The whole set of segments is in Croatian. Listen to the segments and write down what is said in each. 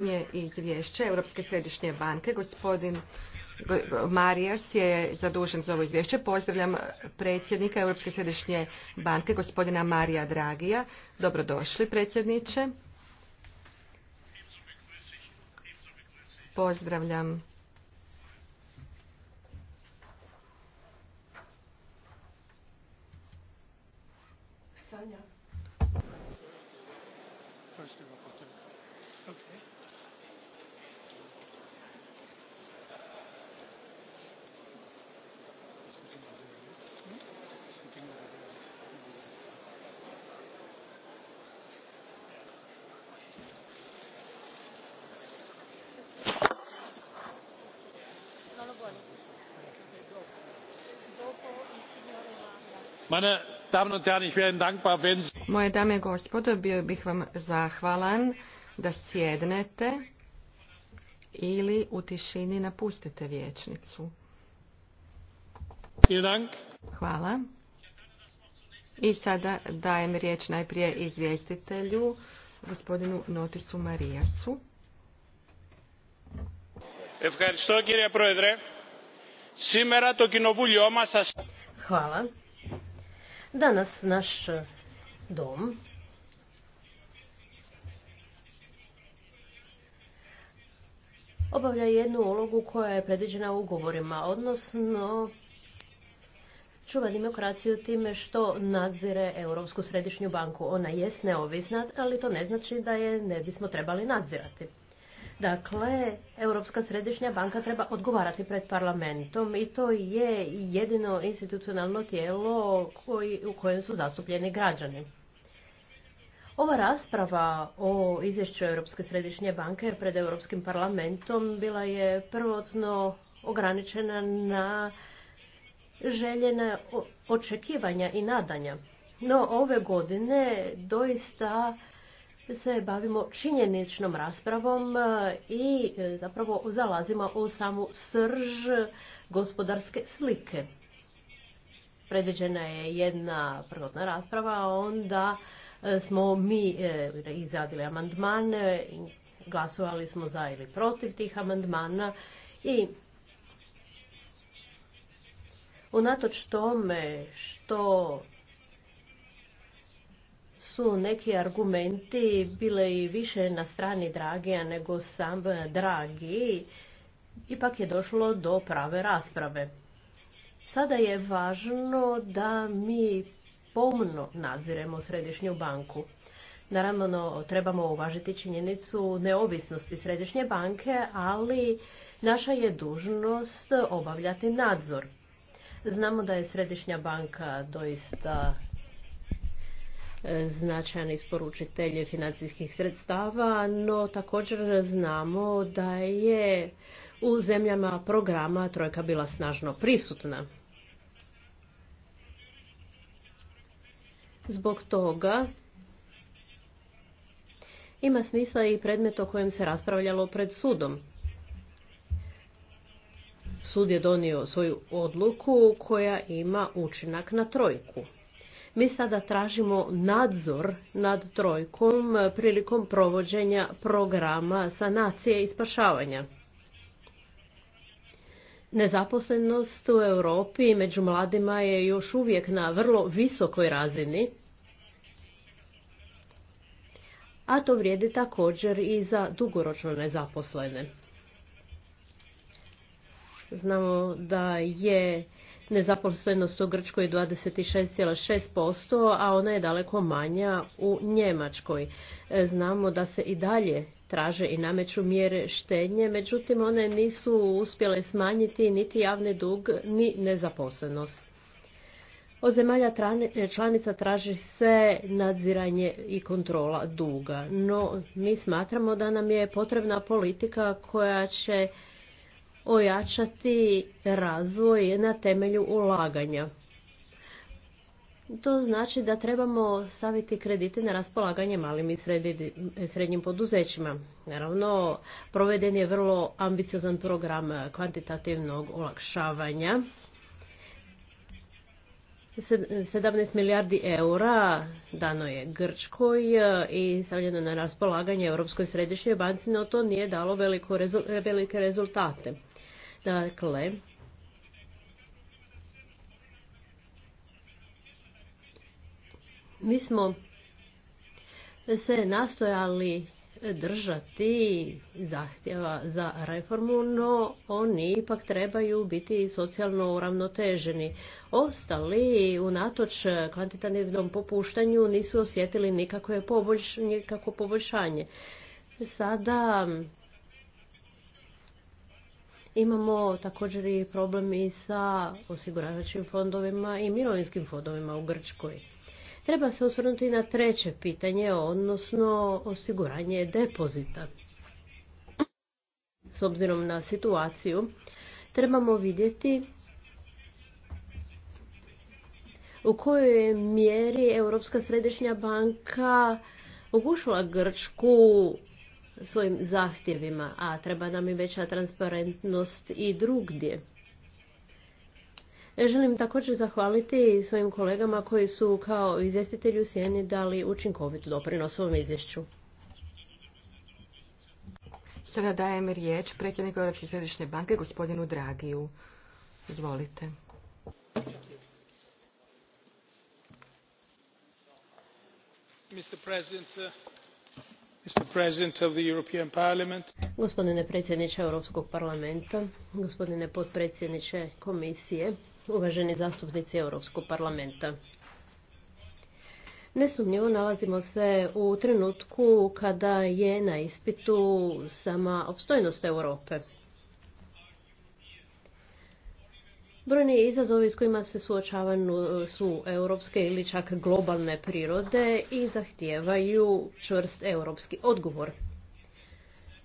Zadnje izvješće Europske središnje banke. Gospodin Marijas je zadužen za ovo izvješće. Pozdravljam predsjednika Europske središnje banke, gospodina Marija Dragija. Dobrodošli, predsjedniče. Pozdravljam Moje dame i gospodo, bio bih vam zahvalan da sjednete ili u tišini napustite vijećnicu. Hvala. I sada dajem riječ najprije izvjestitelju, gospodinu Notisu Marijasu. Hvala. Danas naš dom obavlja jednu ulogu koja je predviđena ugovorima, odnosno čuva demokraciju time što nadzire Europsku središnju banku. Ona jest neovisna, ali to ne znači da je ne bismo trebali nadzirati. Dakle, Europska središnja banka treba odgovarati pred parlamentom i to je jedino institucionalno tijelo koji, u kojem su zastupljeni građani. Ova rasprava o izvješću Europske središnje banke pred Europskim parlamentom bila je prvotno ograničena na željene očekivanja i nadanja. No ove godine doista se bavimo činjeničnom raspravom e, i e, zapravo zalazimo u samu srž gospodarske slike. Predviđena je jedna prvotna rasprava, onda e, smo mi izradili amandmane, glasovali smo za ili protiv tih amandmana i unatoč tome što su neki argumenti bile i više na strani Dragija nego sam Dragi, ipak je došlo do prave rasprave. Sada je važno da mi pomno nadziremo Središnju banku. Naravno, trebamo uvažiti činjenicu neovisnosti Središnje banke, ali naša je dužnost obavljati nadzor. Znamo da je Središnja banka doista značajan isporučitelj financijskih sredstava, no također znamo da je u zemljama programa trojka bila snažno prisutna. Zbog toga ima smisla i predmet o kojem se raspravljalo pred sudom. Sud je donio svoju odluku koja ima učinak na trojku. Mi sada tražimo nadzor nad trojkom prilikom provođenja programa sanacije i spašavanja. Nezaposlenost u Europi među mladima je još uvijek na vrlo visokoj razini, a to vrijedi također i za dugoročno nezaposlene. Znamo da je Nezaposlenost u Grčkoj je 26,6%, a ona je daleko manja u Njemačkoj. E, znamo da se i dalje traže i nameću mjere štednje međutim one nisu uspjele smanjiti niti javni dug, ni nezaposlenost. Od zemalja članica traži se nadziranje i kontrola duga, no mi smatramo da nam je potrebna politika koja će ojačati razvoj na temelju ulaganja. To znači da trebamo staviti kredite na raspolaganje malim i srednjim poduzećima. Naravno, proveden je vrlo ambiciozan program kvantitativnog olakšavanja. 17 milijardi eura dano je Grčkoj e, i stavljeno na raspolaganje Europskoj središnjoj banci, no to nije dalo velike rezultate. Dakle, mi smo se nastojali držati zahtjeva za reformu, no oni ipak trebaju biti socijalno uravnoteženi. Ostali unatoč kvantitativnom popuštanju nisu osjetili nikako nikakvo poboljšanje. Sada Imamo također i problem i sa osiguravajućim fondovima i mirovinskim fondovima u Grčkoj. Treba se osvrnuti na treće pitanje, odnosno osiguranje depozita. S obzirom na situaciju, trebamo vidjeti u kojoj mjeri Europska središnja banka ugušila Grčku svojim zahtjevima, a treba nam i veća transparentnost i drugdje. E, želim također zahvaliti svojim kolegama koji su kao izvjestitelju Sjeni dali učinkovit doprinos ovom izvješću. Sada dajem riječ predsjedniku Europske središnje banke, gospodinu Dragiju. Izvolite. Mr. President, uh, Gospodine predsjedniče Europskog parlamenta, gospodine potpredsjedniče komisije, uvaženi zastupnici Europskog parlamenta. Nesumnjivo nalazimo se u trenutku kada je na ispitu sama opstojnost Europe. Brojni izazovi s kojima se suočavaju e, su europske ili čak globalne prirode i zahtijevaju čvrst europski odgovor.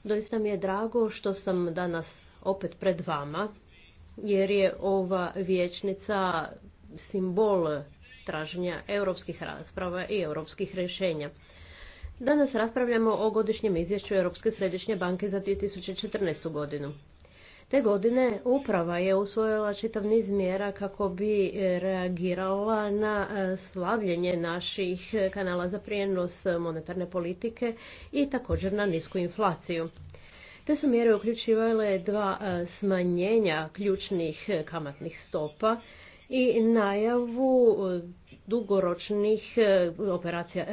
Doista mi je drago što sam danas opet pred vama, jer je ova vijećnica simbol traženja europskih rasprava i europskih rješenja. Danas raspravljamo o godišnjem izvješću Europske središnje banke za 2014. godinu. Te godine uprava je usvojila čitav niz mjera kako bi e, reagirala na e, slavljenje naših kanala za prijenos monetarne politike i također na nisku inflaciju. Te su mjere uključivale dva e, smanjenja ključnih kamatnih stopa i najavu dugoročnih e, operacija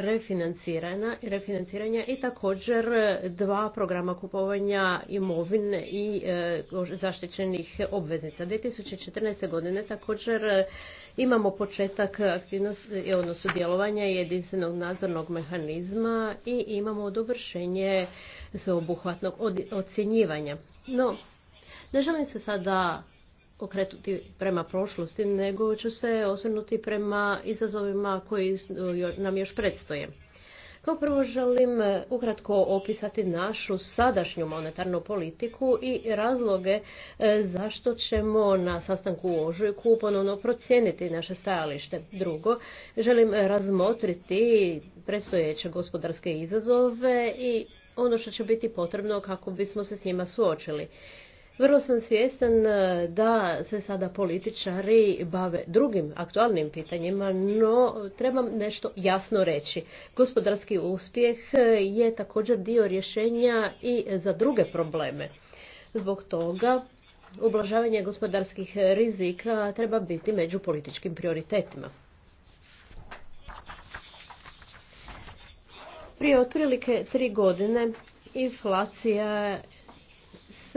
refinanciranja, i također e, dva programa kupovanja imovine i e, zaštićenih obveznica. 2014. godine također imamo početak aktivnosti, odnosno djelovanja jedinstvenog nadzornog mehanizma i imamo dovršenje sveobuhvatnog ocjenjivanja. No, ne želim se sada okretuti prema prošlosti, nego ću se osvrnuti prema izazovima koji nam još predstoje. Kao prvo želim e, ukratko opisati našu sadašnju monetarnu politiku i razloge e, zašto ćemo na sastanku u Ožujku ponovno procijeniti naše stajalište. Drugo, želim razmotriti predstojeće gospodarske izazove i ono što će biti potrebno kako bismo se s njima suočili. Vrlo sam svjestan e, da se sada političari bave drugim aktualnim pitanjima, no trebam nešto jasno reći. Gospodarski uspjeh e, je također dio rješenja i za druge probleme. Zbog toga ublažavanje gospodarskih rizika treba biti među političkim prioritetima. Prije otprilike tri godine inflacija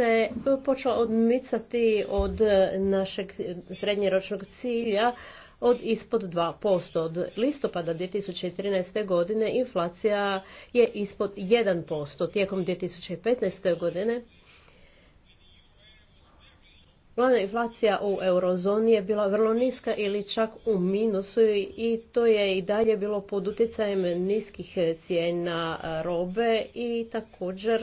se e, počela odmicati od našeg srednjeročnog cilja od ispod 2%. Od listopada 2013. godine inflacija je ispod 1%. Tijekom 2015. godine Glavna inflacija u eurozoni je bila vrlo niska ili čak u minusu i to je i dalje bilo pod utjecajem niskih cijena robe i također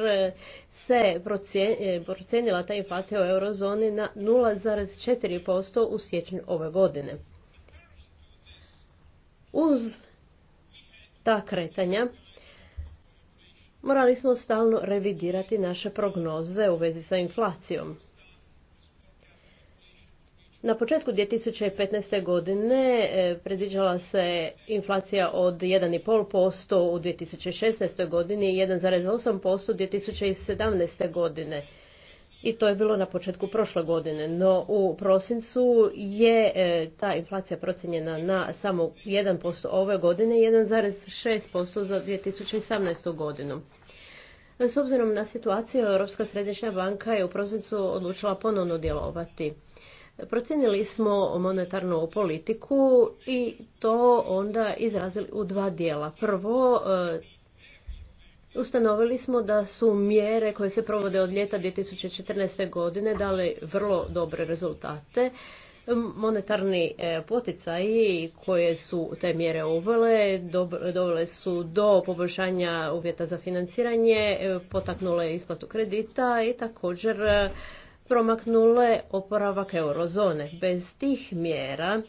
se e, procijenila ta inflacija u eurozoni na 0,4% u siječnju ove godine. Uz ta kretanja morali smo stalno revidirati naše prognoze u vezi sa inflacijom. Na početku 2015. godine e, predviđala se inflacija od 1,5% u 2016. godini i 1,8% 2017. godine. I to je bilo na početku prošle godine, no u prosincu je e, ta inflacija procijenjena na samo 1% ove godine i 1,6% za 2018. godinu. S obzirom na situaciju, Europska središnja banka je u prosincu odlučila ponovno djelovati. Procijenili smo monetarnu politiku i to onda izrazili u dva dijela. Prvo, e, Ustanovili smo da su mjere koje se provode od ljeta 2014. godine dale vrlo dobre rezultate. Monetarni e, poticaji koje su te mjere uvele dovele su do poboljšanja uvjeta za financiranje, e, potaknule isplatu kredita i također promaknule oporavak eurozone. Bez tih mjera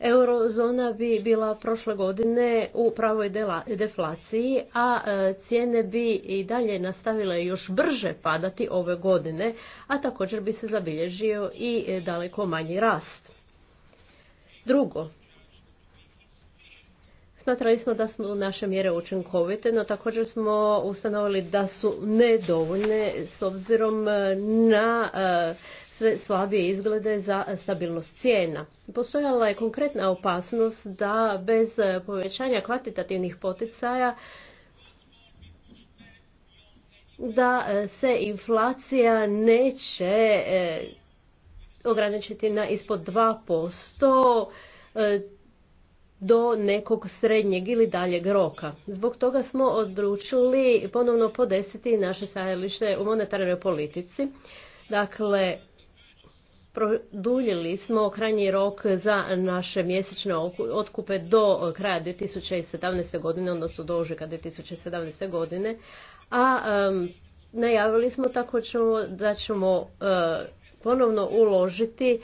eurozona bi bila prošle godine u pravoj deflaciji, a e, cijene bi i dalje nastavile još brže padati ove godine, a također bi se zabilježio i e, daleko manji rast. Drugo, Smatrali smo da smo naše mjere učinkovite, no također smo ustanovili da su nedovoljne s obzirom e, na e, sve slabije izglede za stabilnost cijena. Postojala je konkretna opasnost da bez povećanja kvantitativnih poticaja da e, se inflacija neće ograničiti na ispod 2%, do nekog srednjeg ili daljeg roka. Zbog toga smo odlučili ponovno podesiti naše sajelište u monetarnoj politici. Dakle, produljili smo krajnji rok za naše mjesečne otkupe do kraja 2017. godine, odnosno do ožujka 2017. godine, a najavili smo tako da ćemo e, ponovno uložiti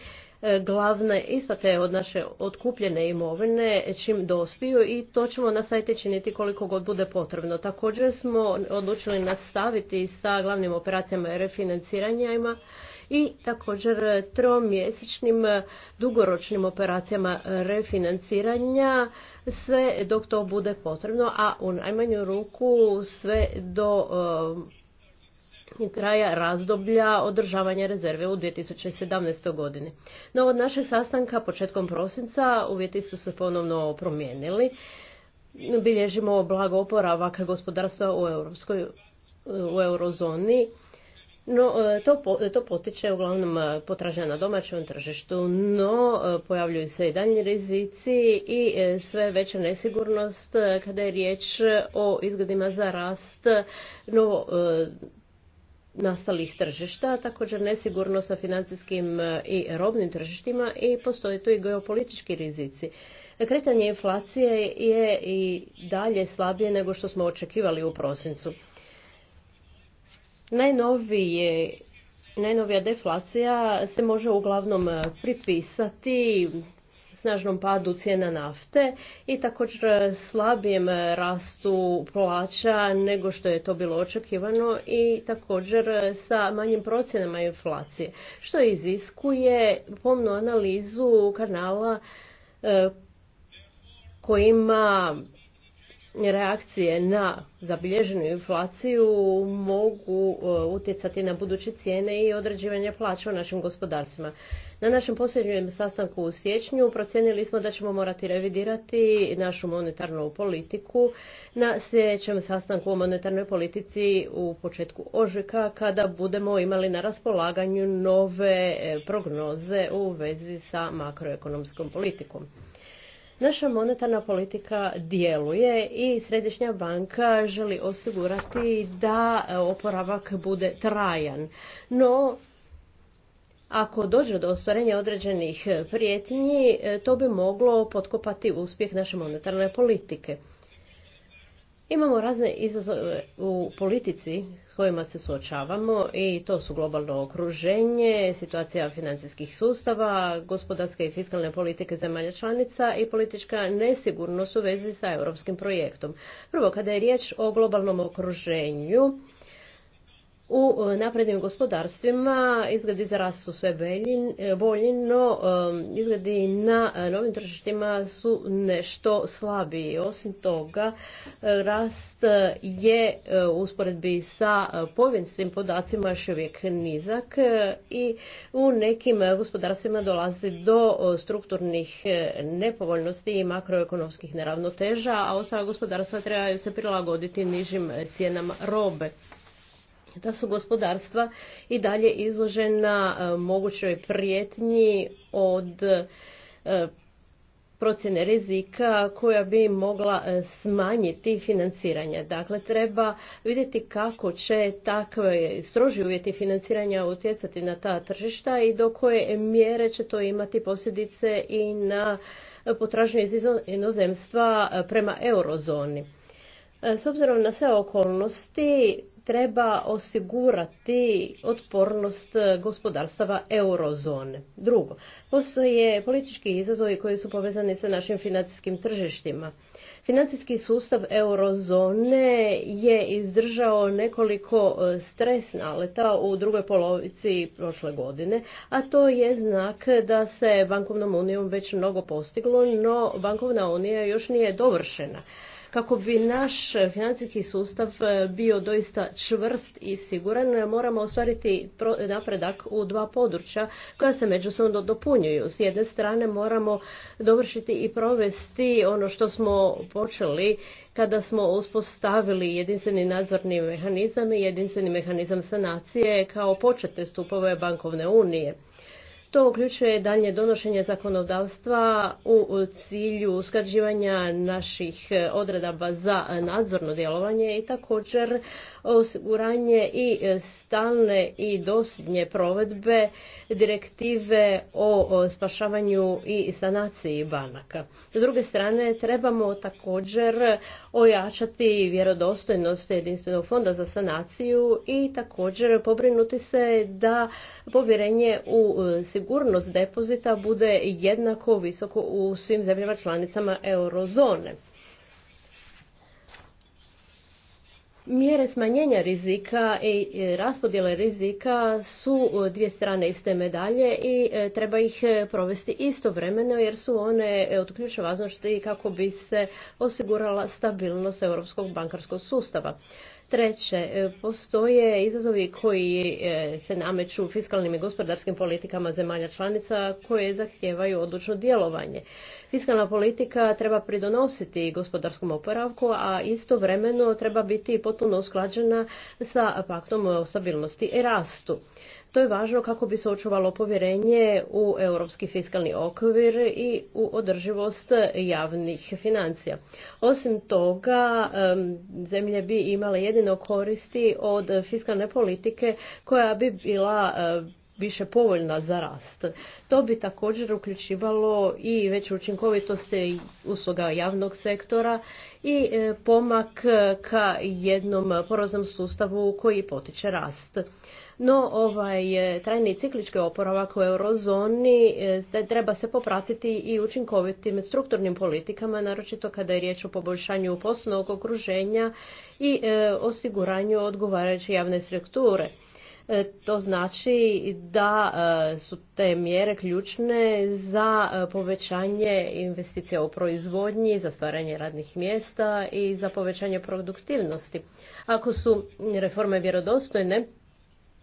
E, glavne isplate od naše otkupljene imovine čim dospiju i to ćemo na sajte činiti koliko god bude potrebno. Također smo odlučili nastaviti sa glavnim operacijama refinanciranja i također tromjesečnim dugoročnim operacijama refinanciranja sve dok to bude potrebno, a u najmanju ruku sve do kraja razdoblja održavanja rezerve u 2017. godini. No od našeg sastanka početkom prosinca uvjeti su se ponovno promijenili. Bilježimo blago oporavak gospodarstva u, Europskoj, u eurozoni. No, e, to, to potiče uglavnom potražnja na domaćem tržištu, no e, pojavljuju se i daljnji rizici i e, sve veća nesigurnost kada je riječ o izgledima za rast nastalih tržišta, također nesigurno sa financijskim e, i robnim tržištima i postoje tu i geopolitički rizici. Kretanje inflacije je i dalje slabije nego što smo očekivali u prosincu. Najnovije Najnovija deflacija se može uglavnom e, pripisati snažnom padu cijena nafte i također e, slabijem e, rastu plaća nego što je to bilo očekivano i također e, sa manjim procjenama inflacije, što iziskuje pomnu analizu kanala kojima reakcije na zabilježenu inflaciju mogu e, utjecati na buduće cijene i određivanje plaća u našim gospodarstvima. Na našem posljednjem sastanku u siječnju procijenili smo da ćemo morati revidirati našu monetarnu politiku na sljedećem sastanku o monetarnoj politici u početku ožujka kada budemo imali na raspolaganju nove e, prognoze u vezi sa makroekonomskom politikom. Naša monetarna politika djeluje i Središnja banka želi osigurati da e, oporavak bude trajan. No, ako dođe do ostvarenja određenih prijetnji, e, to bi moglo potkopati uspjeh naše monetarne politike. Imamo razne izazove u politici kojima se suočavamo i to su globalno okruženje, situacija financijskih sustava, gospodarske i fiskalne politike zemalja članica i politička nesigurnost u vezi sa europskim projektom. Prvo, kada je riječ o globalnom okruženju, u e, naprednim gospodarstvima izgledi za rast su sve bolji, e, no e, izgledi na novim tržištima su nešto slabiji. Osim toga, rast je u usporedbi sa povijesnim podacima još uvijek nizak i u nekim gospodarstvima dolazi do strukturnih nepovoljnosti i makroekonomskih neravnoteža, a ostala gospodarstva trebaju se prilagoditi nižim cijenama robe da su gospodarstva i dalje izložena e, mogućoj prijetnji od e, procjene rizika koja bi mogla e, smanjiti financiranje. Dakle, treba vidjeti kako će takve stroži uvjeti financiranja utjecati na ta tržišta i do koje mjere će to imati posljedice i na potražnju iz inozemstva prema eurozoni. S obzirom na sve okolnosti, treba osigurati otpornost gospodarstava eurozone. Drugo, postoje politički izazovi koji su povezani sa našim financijskim tržištima. Financijski sustav eurozone je izdržao nekoliko e, stresna leta u drugoj polovici prošle godine, a to je znak da se bankovnom unijom već mnogo postiglo, no bankovna unija još nije dovršena. Kako bi naš financijski sustav e, bio doista čvrst i siguran, e, moramo ostvariti napredak u dva područja koja se međusobno dopunjuju. S jedne strane moramo dovršiti i provesti ono što smo počeli kada smo uspostavili jedinstveni nadzorni mehanizam i jedinstveni mehanizam sanacije kao početne stupove bankovne unije. To uključuje dalje donošenje zakonodavstva u cilju usklađivanja naših e, odredaba za nadzorno djelovanje i također osiguranje i e, stalne i dosljednje provedbe direktive o spašavanju i sanaciji banaka. S druge strane, trebamo također ojačati vjerodostojnost jedinstvenog fonda za sanaciju i također pobrinuti se da povjerenje u e, sigurnost depozita bude jednako visoko u svim zemljama članicama eurozone. Mjere smanjenja rizika i e, raspodjele rizika su e, dvije strane iste medalje i e, treba ih provesti istovremeno jer su one od ključne važnosti kako bi se osigurala stabilnost europskog bankarskog sustava. Treće, e, postoje izazovi koji e, se nameću fiskalnim i gospodarskim politikama zemalja članica koje zahtijevaju odlučno djelovanje. Fiskalna politika treba pridonositi gospodarskom oporavku, a istovremeno treba biti potpuno usklađena sa paktom o stabilnosti i rastu. To je važno kako bi se očuvalo povjerenje u europski fiskalni okvir i u održivost javnih financija. Osim toga, zemlje bi imale jedino koristi od fiskalne politike koja bi bila više povoljna za rast. To bi također uključivalo i veću učinkovitost usluga javnog sektora i e, pomak ka jednom poroznom sustavu koji potiče rast. No ovaj e, trajni ciklički oporavak u eurozoni e, treba se popratiti i učinkovitim strukturnim politikama, naročito kada je riječ o poboljšanju poslovnog okruženja i e, osiguranju odgovarajuće javne strukture. To znači da su te mjere ključne za povećanje investicija u proizvodnji, za stvaranje radnih mjesta i za povećanje produktivnosti. Ako su reforme vjerodostojne,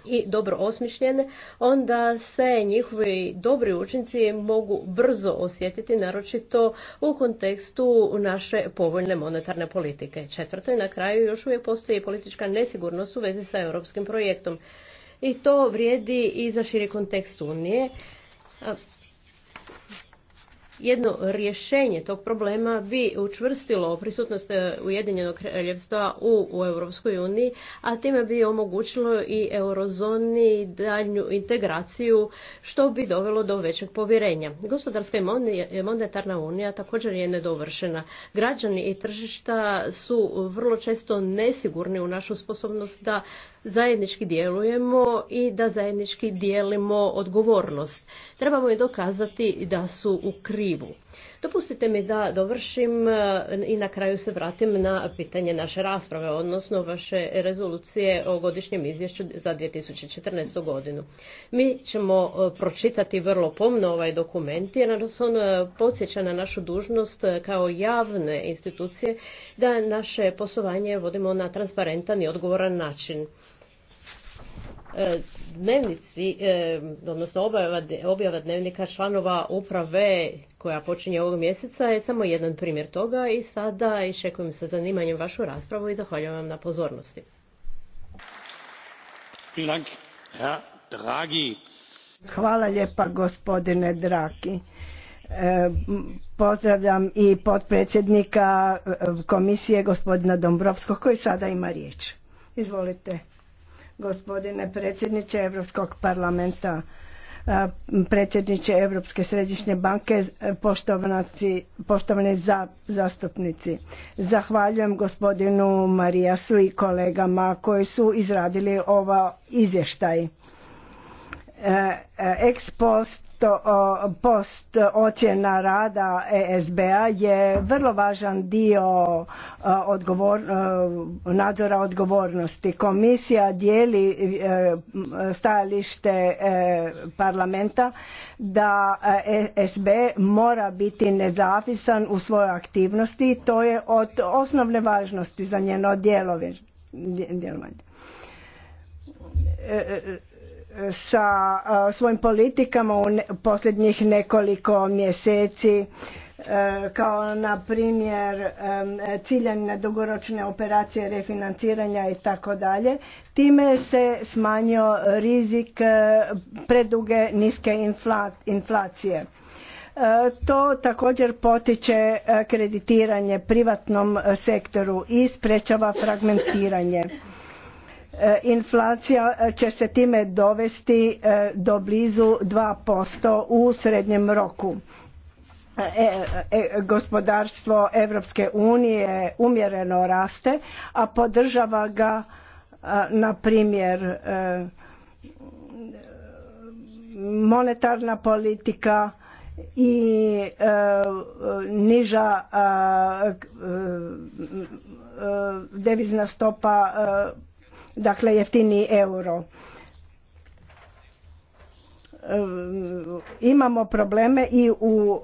i dobro osmišljene, onda se njihovi dobri učinci mogu brzo osjetiti, naročito u kontekstu naše povoljne monetarne politike. Četvrto je na kraju još uvijek postoji politička nesigurnost u vezi sa europskim projektom. I to vrijedi i za širi kontekst Unije jedno rješenje tog problema bi učvrstilo prisutnost e, Ujedinjenog kraljevstva u, u Europskoj uniji, a time bi omogućilo i eurozoni daljnju integraciju, što bi dovelo do većeg povjerenja. Gospodarska i monetarna unija također je nedovršena. Građani i tržišta su vrlo često nesigurni u našu sposobnost da zajednički djelujemo i da zajednički dijelimo odgovornost. Trebamo je dokazati da su u krivu. Dopustite mi da dovršim e, i na kraju se vratim na pitanje naše rasprave, odnosno vaše rezolucije o godišnjem izvješću za 2014. godinu. Mi ćemo e, pročitati vrlo pomno ovaj dokument jer nas on e, podsjeća na našu dužnost kao javne institucije da naše poslovanje vodimo na transparentan i odgovoran način. E, dnevnici, e, odnosno objava dnevnika članova uprave koja počinje ovog mjeseca je samo jedan primjer toga i sada iščekujem sa zanimanjem vašu raspravu i zahvaljujem vam na pozornosti. Hvala lijepa gospodine Draki. E, pozdravljam i potpredsjednika komisije gospodina Dombrovskog koji sada ima riječ. Izvolite gospodine predsjedniče Europskog parlamenta, e, predsjedniče Europske središnje banke, e, poštovani zastupnici. Zahvaljujem gospodinu Marijasu i kolegama koji su izradili ova izvještaj. E, ex post posto, post ocjena rada ESB-a je vrlo važan dio nadzora odgovornosti. Komisija dijeli e, stajalište e, parlamenta da ESB e mora biti nezavisan u svojoj aktivnosti i to je od osnovne važnosti za njeno djelovanje sa e, svojim politikama u posljednjih nekoliko mjeseci e, kao na primjer e, ciljane dugoročne operacije refinanciranja i tako dalje. Time se smanjio rizik preduge niske inflacije. To također potiče kreditiranje privatnom sektoru i sprečava fragmentiranje. E, inflacija e, će se time dovesti e, do blizu 2% u srednjem roku. gospodarstvo Europske unije umjereno raste, a podržava ga na primjer monetarna politika i niža devizna stopa dakle jeftiniji euro. E, imamo probleme i u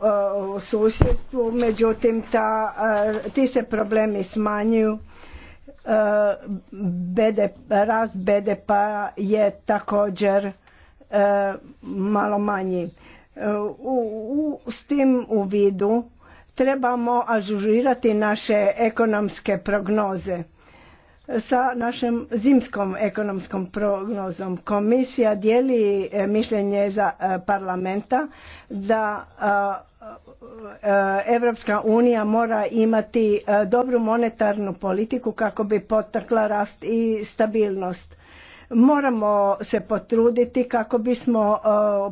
e, susjedstvu, međutim e, ti se problemi smanjuju. BDP, rast BDP p-a je također malo manji. U, s tim u vidu trebamo ažurirati naše ekonomske prognoze sa našom zimskom ekonomskom prognozom. Komisija dijeli e, mišljenje za e, parlamenta da e, Evropska unija mora imati dobru monetarnu politiku kako bi potakla rast i stabilnost. Moramo se potruditi kako bismo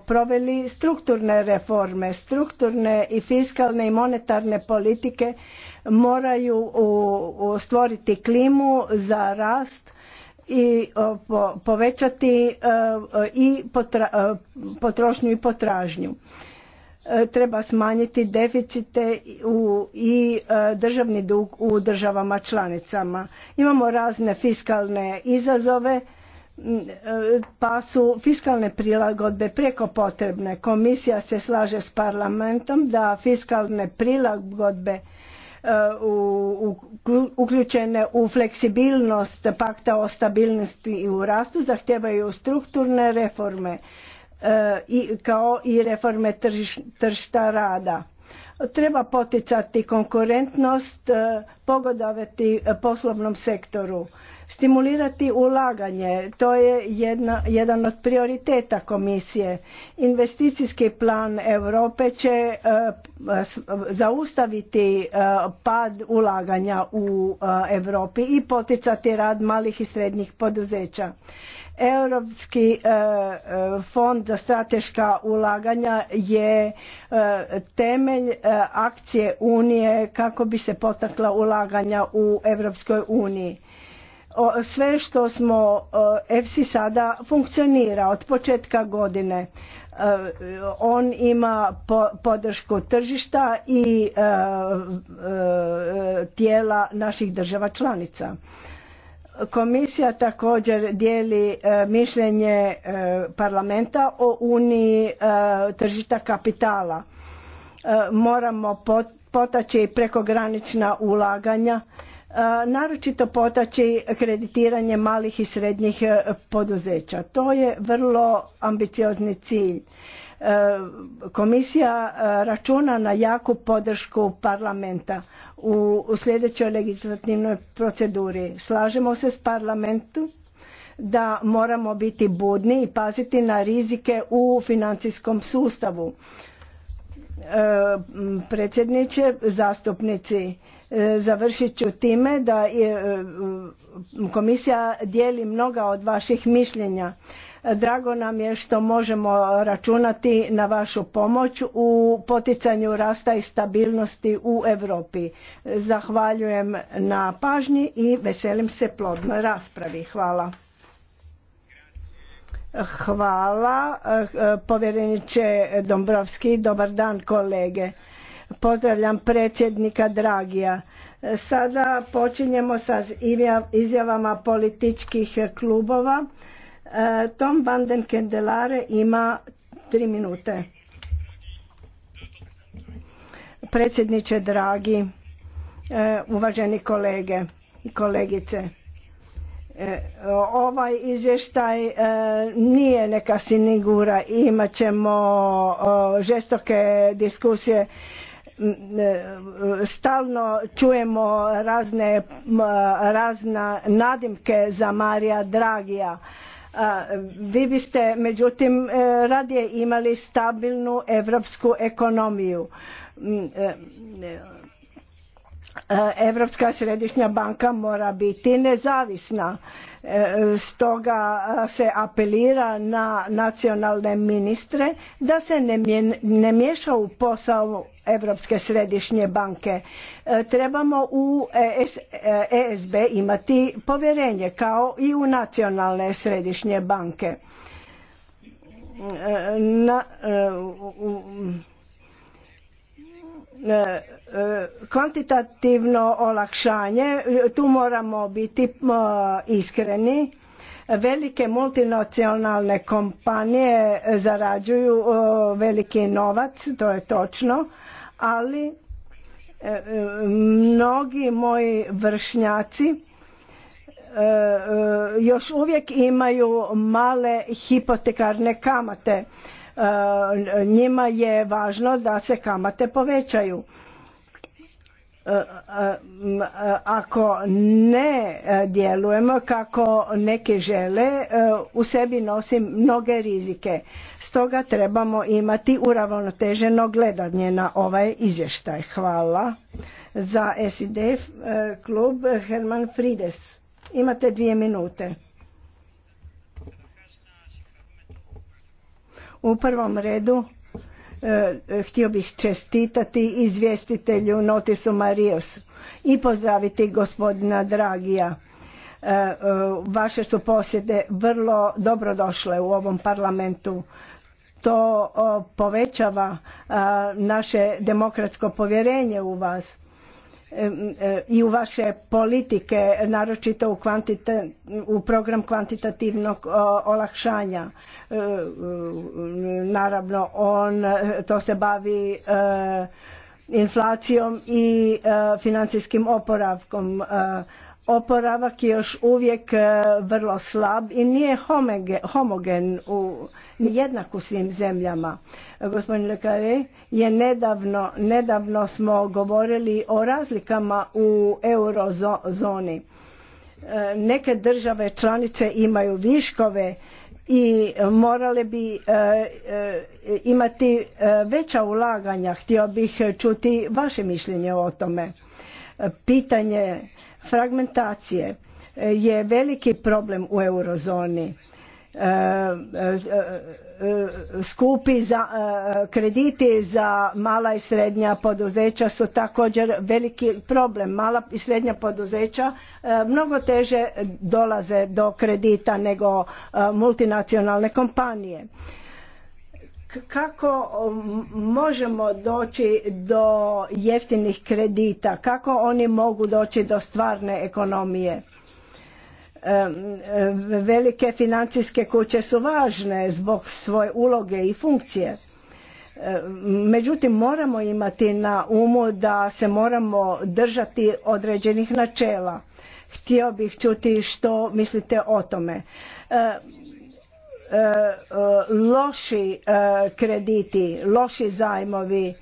proveli strukturne reforme, strukturne i fiskalne i monetarne politike moraju stvoriti klimu za rast i povećati e, i e, potrošnju i potražnju e, treba smanjiti deficite i državni dug u državama članicama. Imamo razne fiskalne izazove, pa su fiskalne prilagodbe preko potrebne. Komisija se slaže s parlamentom da fiskalne prilagodbe E, uključene u fleksibilnost pakta o stabilnosti i u rastu zahtijevaju strukturne reforme e, kao i reforme tržišta rada. Treba poticati konkurentnost, e, pogodovati poslovnom sektoru Stimulirati ulaganje, to je jedna, jedan od prioriteta komisije. Investicijski plan Europe će e, zaustaviti e, pad ulaganja u e, Europi i poticati rad malih i srednjih poduzeća. Europski fond za strateška ulaganja je temelj akcije Unije kako bi se potakla ulaganja u Europskoj uniji sve što smo EFSI sada funkcionira od početka godine. E, on ima podršku tržišta i e, e, tijela naših država članica. Komisija također dijeli mišljenje parlamenta o uniji tržišta kapitala. Moramo potaći prekogranična ulaganja naročito potaći kreditiranje malih i srednjih e, poduzeća. To je vrlo ambiciozni cilj. E, komisija e, računa na jaku podršku parlamenta u sljedećoj legislativnoj proceduri. Slažemo se s parlamentu da moramo biti budni i paziti na rizike u financijskom sustavu. Predsjedniče, zastupnici, E, završit ću time da je e, komisija dijeli mnoga od vaših mišljenja. Drago nam je što možemo računati na vašu pomoć u poticanju rasta i stabilnosti u Europi. Zahvaljujem na pažnji i veselim se plodnoj raspravi. Hvala. Hvala e, povjereniče Dombrovski, dobar dan kolege. Pozdravljam predsjednika Dragija. E, sada počinjemo sa izjavama političkih klubova. E, Tom den Kendelare ima tri minute. Predsjedniče Dragi, e, uvaženi kolege i kolegice, ovaj izvještaj nije neka sinigura, imat ćemo žestoke diskusije stalno čujemo razne, razna nadimke za Marija Dragija. Vi biste međutim e, radije imali stabilnu europsku ekonomiju. Europska e, središnja banka mora biti nezavisna Stoga se apelira na nacionalne ministre da se ne miješa u posao Europske središnje banke. E, trebamo u ESB e, e imati povjerenje kao i u nacionalne središnje banke. Na, kvantitativno olakšanje, tu moramo biti iskreni, velike multinacionalne kompanije zarađuju e, veliki novac, to je točno, ali e, mnogi moji vršnjaci e, još uvijek imaju male hipotekarne kamate njima je važno da se kamate povećaju ako ne e, djelujemo kako neki žele e, u sebi nosi mnoge rizike stoga trebamo imati uravnoteženo gledanje na ovaj izvještaj hvala za SID e, klub Herman Frides imate dvije minute u prvom redu E, htio bih čestitati izvjestitelju Notisu Mariusu i pozdraviti gospodina Dragija. E, e, vaše su posjede vrlo dobro došle u ovom parlamentu. To povećava naše demokratsko povjerenje u vas E, i u vaše politike, naročito u, u program kvantitativnog olakšanja. E, naravno, on to se bavi e, inflacijom i financijskim oporavkom. Oporavak je još uvijek vrlo slab i nije homogen, homogen u, jednak u svim zemljama. Gospodin Lekare je nedavno, nedavno smo govorili o razlikama u eurozoni. E, neke države članice imaju viškove i morale bi e, e, imati veća ulaganja. Htio bih čuti vaše mišljenje o tome. Pitanje fragmentacije je veliki problem u eurozoni skupi za, e, krediti za mala i srednja poduzeća su također veliki problem. Mala i srednja poduzeća e, mnogo teže dolaze do kredita nego e, multinacionalne kompanije. Kako možemo doći do jeftinih kredita? Kako oni mogu doći do stvarne ekonomije? Velike financijske kuće su važne zbog svoje uloge i funkcije. E, međutim, moramo imati na umu da se moramo držati određenih načela. Htio bih čuti što mislite o tome. E, e, loši krediti, loši zajmovi,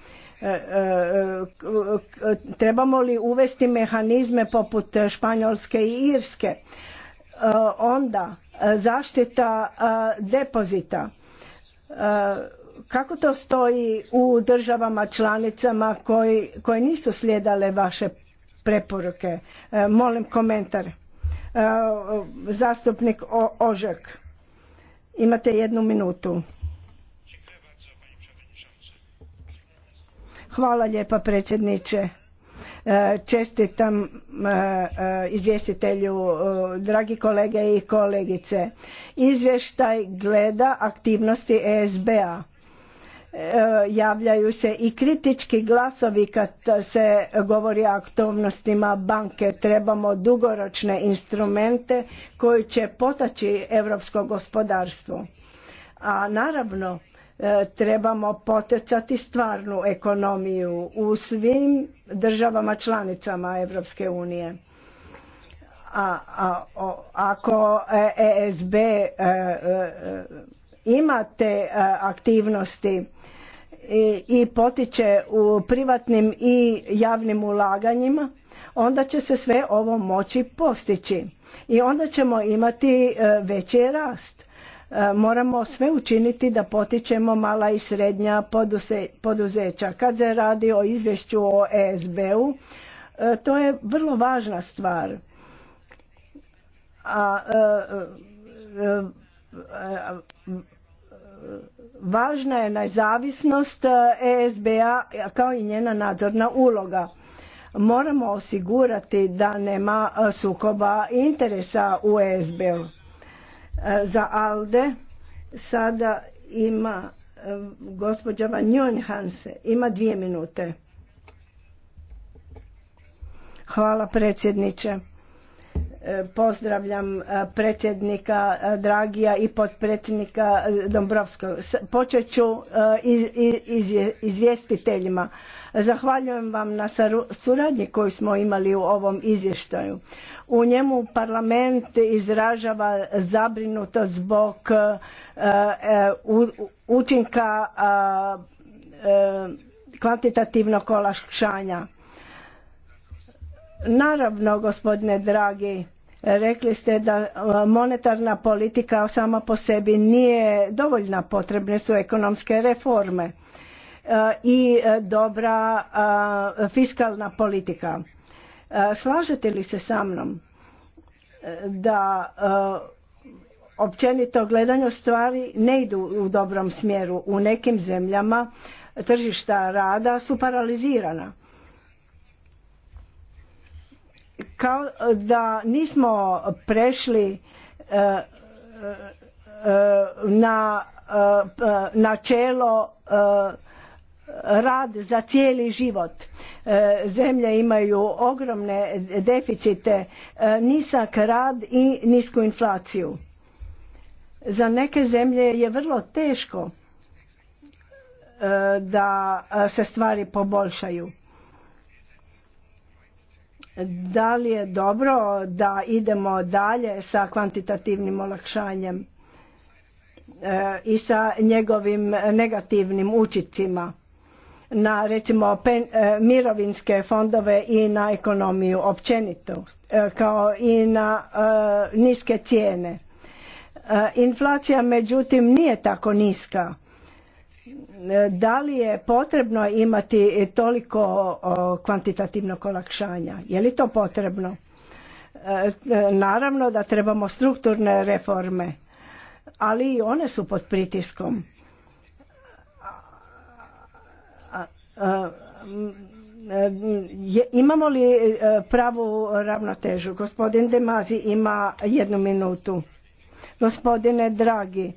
trebamo li uvesti mehanizme poput Španjolske i Irske Eh, onda eh, zaštita eh, depozita kako to stoji u državama članicama koje nisu slijedale vaše preporuke molim komentar zastupnik Ožek imate jednu minutu hvala lijepa predsjedniče Čestitam e, e, izvjestitelju, e, dragi kolege i kolegice. Izvještaj gleda aktivnosti ESBA. Javljaju se i kritički glasovi kad se govori o aktivnostima banke. Trebamo dugoročne instrumente koji će potaći europsko gospodarstvo. A naravno, E, trebamo poticati stvarnu ekonomiju u svim državama članicama Europske unije. A, ako ESB e imate e, ima te aktivnosti i, i potiče u privatnim i javnim ulaganjima, onda će se sve ovo moći postići i onda ćemo imati veći rast E, moramo sve učiniti da potičemo mala i srednja poduzeća. Kad se radi o izvješću o ESB-u, e, to je vrlo važna stvar. A, e, važna je nezavisnost ESB-a kao i njena nadzorna uloga. Moramo osigurati da nema sukoba interesa u ESB-u E, za ALDE sada ima e, gospođa Van Njonhanse. Ima dvije minute. Hvala predsjedniče. E, pozdravljam predsjednika Dragija i potpredsjednika Dombrovskog. Počet ću izvjestiteljima. Zahvaljujem vam na suradnji koju smo imali u ovom izvještaju. U njemu parlament izražava zabrinutost zbog e, e, učinka e, kvantitativnog olakšanja. Naravno, gospodine dragi, rekli ste da monetarna politika sama po sebi nije dovoljna, potrebne su ekonomske reforme i dobra fiskalna politika. E, slažete li se sa mnom e, da e, općenito gledanje stvari ne idu u dobrom smjeru. U nekim zemljama tržišta rada su paralizirana. Kao da nismo prešli na načelo rad za cijeli život E, zemlje imaju ogromne deficite, e, nisak rad i nisku inflaciju. Za neke zemlje je vrlo teško e, da se stvari poboljšaju. Da li je dobro da idemo dalje sa kvantitativnim olakšanjem i sa njegovim negativnim učicima? na recimo e, mirovinske fondove i na ekonomiju općenito e, kao i na e, niske cijene. inflacija međutim nije tako niska. da li je potrebno imati toliko kvantitativnog olakšanja? Je li to potrebno? Naravno da trebamo strukturne reforme, ali i one su pod pritiskom imamo li e, pravu ravnotežu? Gospodin Demazi ima jednu minutu. Gospodine dragi,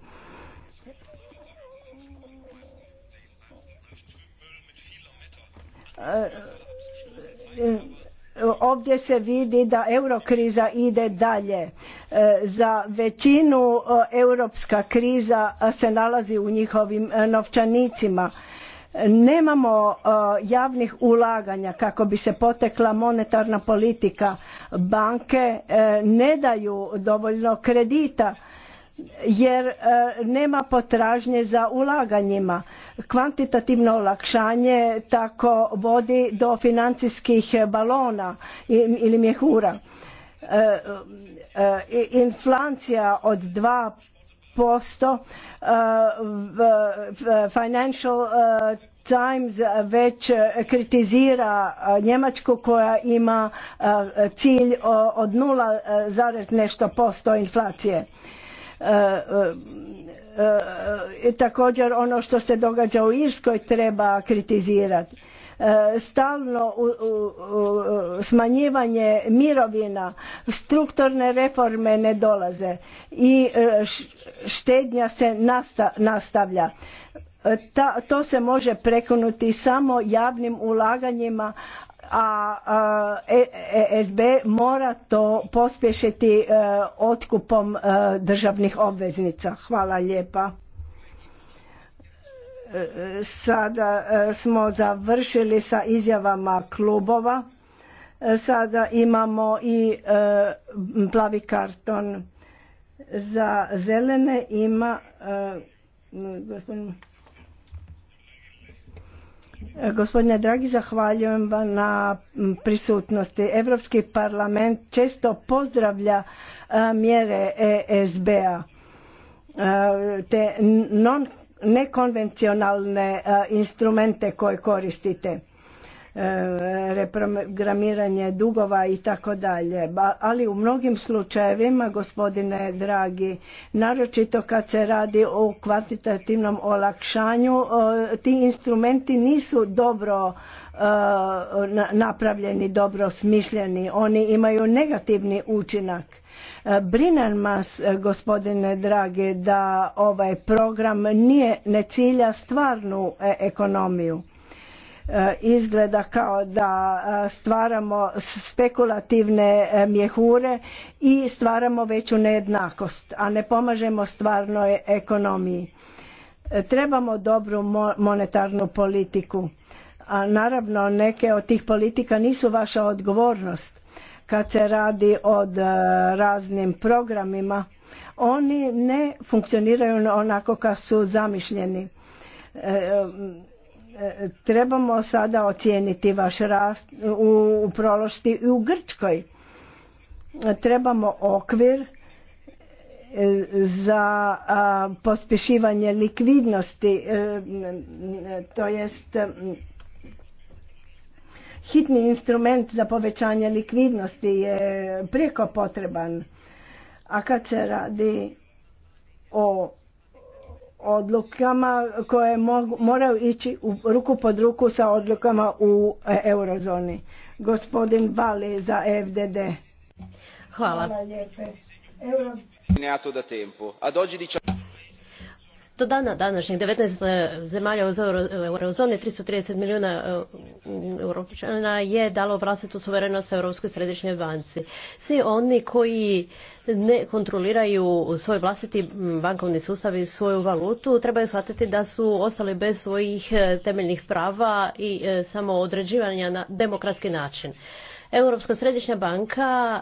ovdje se vidi da eurokriza ide dalje. E, za većinu e, europska kriza se nalazi u njihovim novčanicima nemamo e, javnih ulaganja kako bi se potekla monetarna politika banke e, ne daju dovoljno kredita jer e, nema potražnje za ulaganjima kvantitativno olakšanje tako vodi do financijskih balona ili mjehura inflacija od dva posto uh, Financial uh, Times već kritizira uh, Njemačku koja ima cilj od nula nešto posto inflacije. Također ono što se događa u Irskoj treba kritizirati stalno smanjivanje mirovina, strukturne reforme ne dolaze i e, štednja se nastavlja. E, to se može prekonuti samo javnim ulaganjima, a ESB e, mora to pospješiti otkupom državnih obveznica. Hvala lijepa. Sada e, smo završili sa izjavama klubova. E, sada imamo i e, plavi karton za zelene ima Gospodine dragi, zahvaljujem vam na prisutnosti. Europski parlament često pozdravlja mjere ESB-a, te non nekonvencionalne e, instrumente koje koristite e, reprogramiranje dugova i tako dalje. Ali u mnogim slučajevima, gospodine dragi, naročito kad se radi o kvantitativnom olakšanju, e, ti instrumenti nisu dobro napravljeni, dobro smišljeni. Oni imaju negativni učinak Brine vas, eh, gospodine dragi, da ovaj program nije, ne cilja stvarnu eh, ekonomiju. Eh, izgleda kao da stvaramo spekulativne mjehure i stvaramo veću nejednakost, a ne pomažemo stvarnoj ekonomiji. Trebamo dobru monetarnu politiku a naravno neke od tih politika nisu vaša odgovornost kad se radi o e, raznim programima oni ne funkcioniraju onako kad su zamišljeni e, e, trebamo sada ocijeniti vaš rast u prološti i u Grčkoj trebamo okvir za pospješivanje likvidnosti to jest hitni instrument za povećanje likvidnosti je prijeko potreban. A kad se radi o odlukama koje moraju ići u ruku pod ruku sa odlukama u e, eurozoni. Gospodin Vali za e FDD. Hvala. Hvala do dana današnjeg 19 e, zemalja u e, eurozoni 330 milijuna e, europčana je dalo vlastitu suverenost Europskoj središnjoj banci. Svi oni koji ne kontroliraju svoj vlastiti bankovni sustav i svoju valutu trebaju shvatiti da su ostali bez svojih temeljnih prava i samo određivanja na demokratski način. Europska središnja banka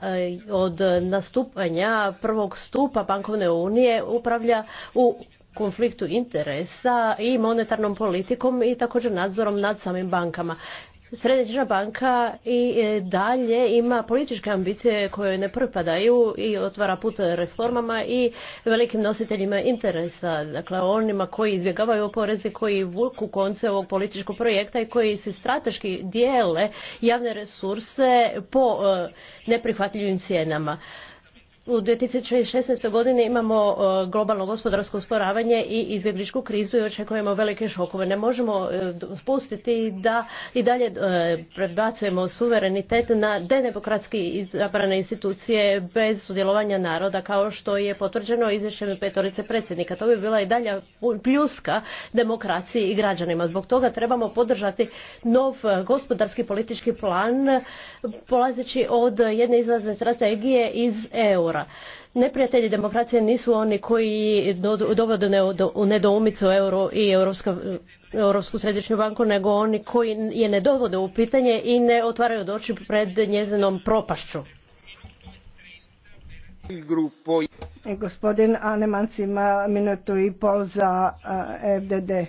od nastupanja prvog stupa bankovne unije upravlja u konfliktu interesa i monetarnom politikom i također nadzorom nad samim bankama. Središnja banka i e, dalje ima političke ambicije koje ne pripadaju i otvara put reformama i velikim nositeljima interesa, dakle onima koji izbjegavaju oporeze, koji vuku konce ovog političkog projekta i koji se strateški dijele javne resurse po e, neprihvatljivim cijenama u 2016. godini imamo e, globalno gospodarsko usporavanje i izbjegličku krizu i očekujemo velike šokove. Ne možemo spustiti e, da i dalje e, prebacujemo suverenitet na denebokratski izabrane institucije bez sudjelovanja naroda kao što je potvrđeno izvješćem petorice predsjednika. To bi bila i dalja pljuska demokraciji i građanima. Zbog toga trebamo podržati nov gospodarski politički plan polazeći od jedne izlazne strategije iz EUR izbora. Neprijatelji demokracije nisu oni koji dovode u nedoumicu euro i Europsku središnju banku, nego oni koji je ne dovode u pitanje i ne otvaraju oči pred njezinom propašću. Gospodin Anemans ima minutu i pol za e, FDD. E,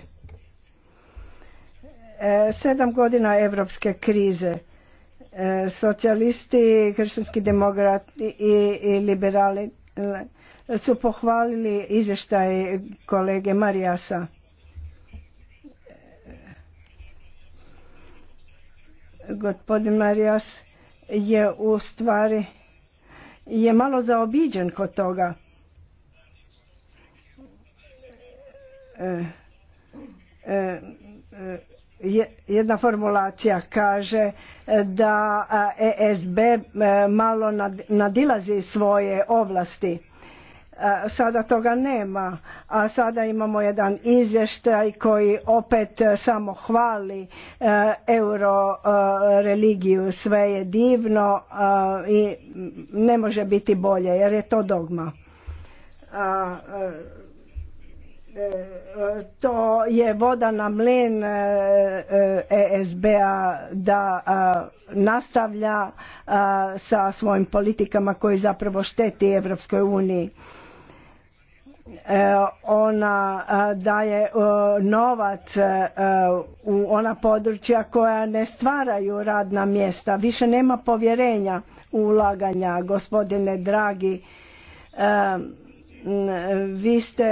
sedam godina evropske krize E, socijalisti, kršćanski demokrati i, liberali e, su pohvalili izvještaj kolege Marijasa. Gospodin Marijas je u stvari je malo zaobiđen kod toga. E, e, e jedna formulacija kaže e, da ESB e e, malo nadilazi svoje ovlasti. Sada toga nema, a sada imamo jedan izvještaj koji opet samo hvali euro religiju, sve je divno i ne može biti bolje jer je to dogma to je voda na mlen ESB-a e, e da nastavlja sa svojim politikama koji zapravo šteti Evropskoj uniji. E, ona daje novac u ona područja koja ne stvaraju radna mjesta. Više nema povjerenja u ulaganja, gospodine dragi vi ste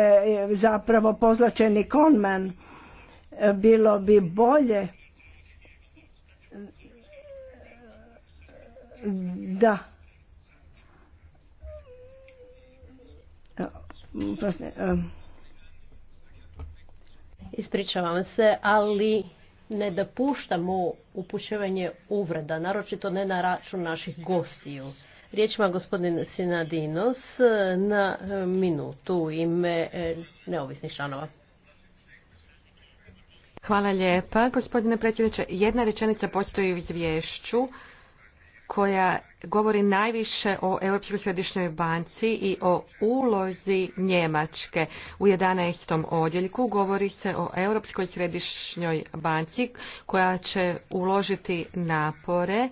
zapravo pozlačeni konman bilo bi bolje da e. Ispričavam se, ali ne dopuštamo upućivanje uvreda, naročito ne na račun naših gostiju. Riječ ima gospodin Sinadinos e, na e, minutu u ime e, neovisnih članova. Hvala lijepa, gospodine predsjedniče. Jedna rečenica postoji u izvješću koja govori najviše o Europskoj središnjoj banci i o ulozi Njemačke. U 11. odjeljku govori se o Europskoj središnjoj banci koja će uložiti napore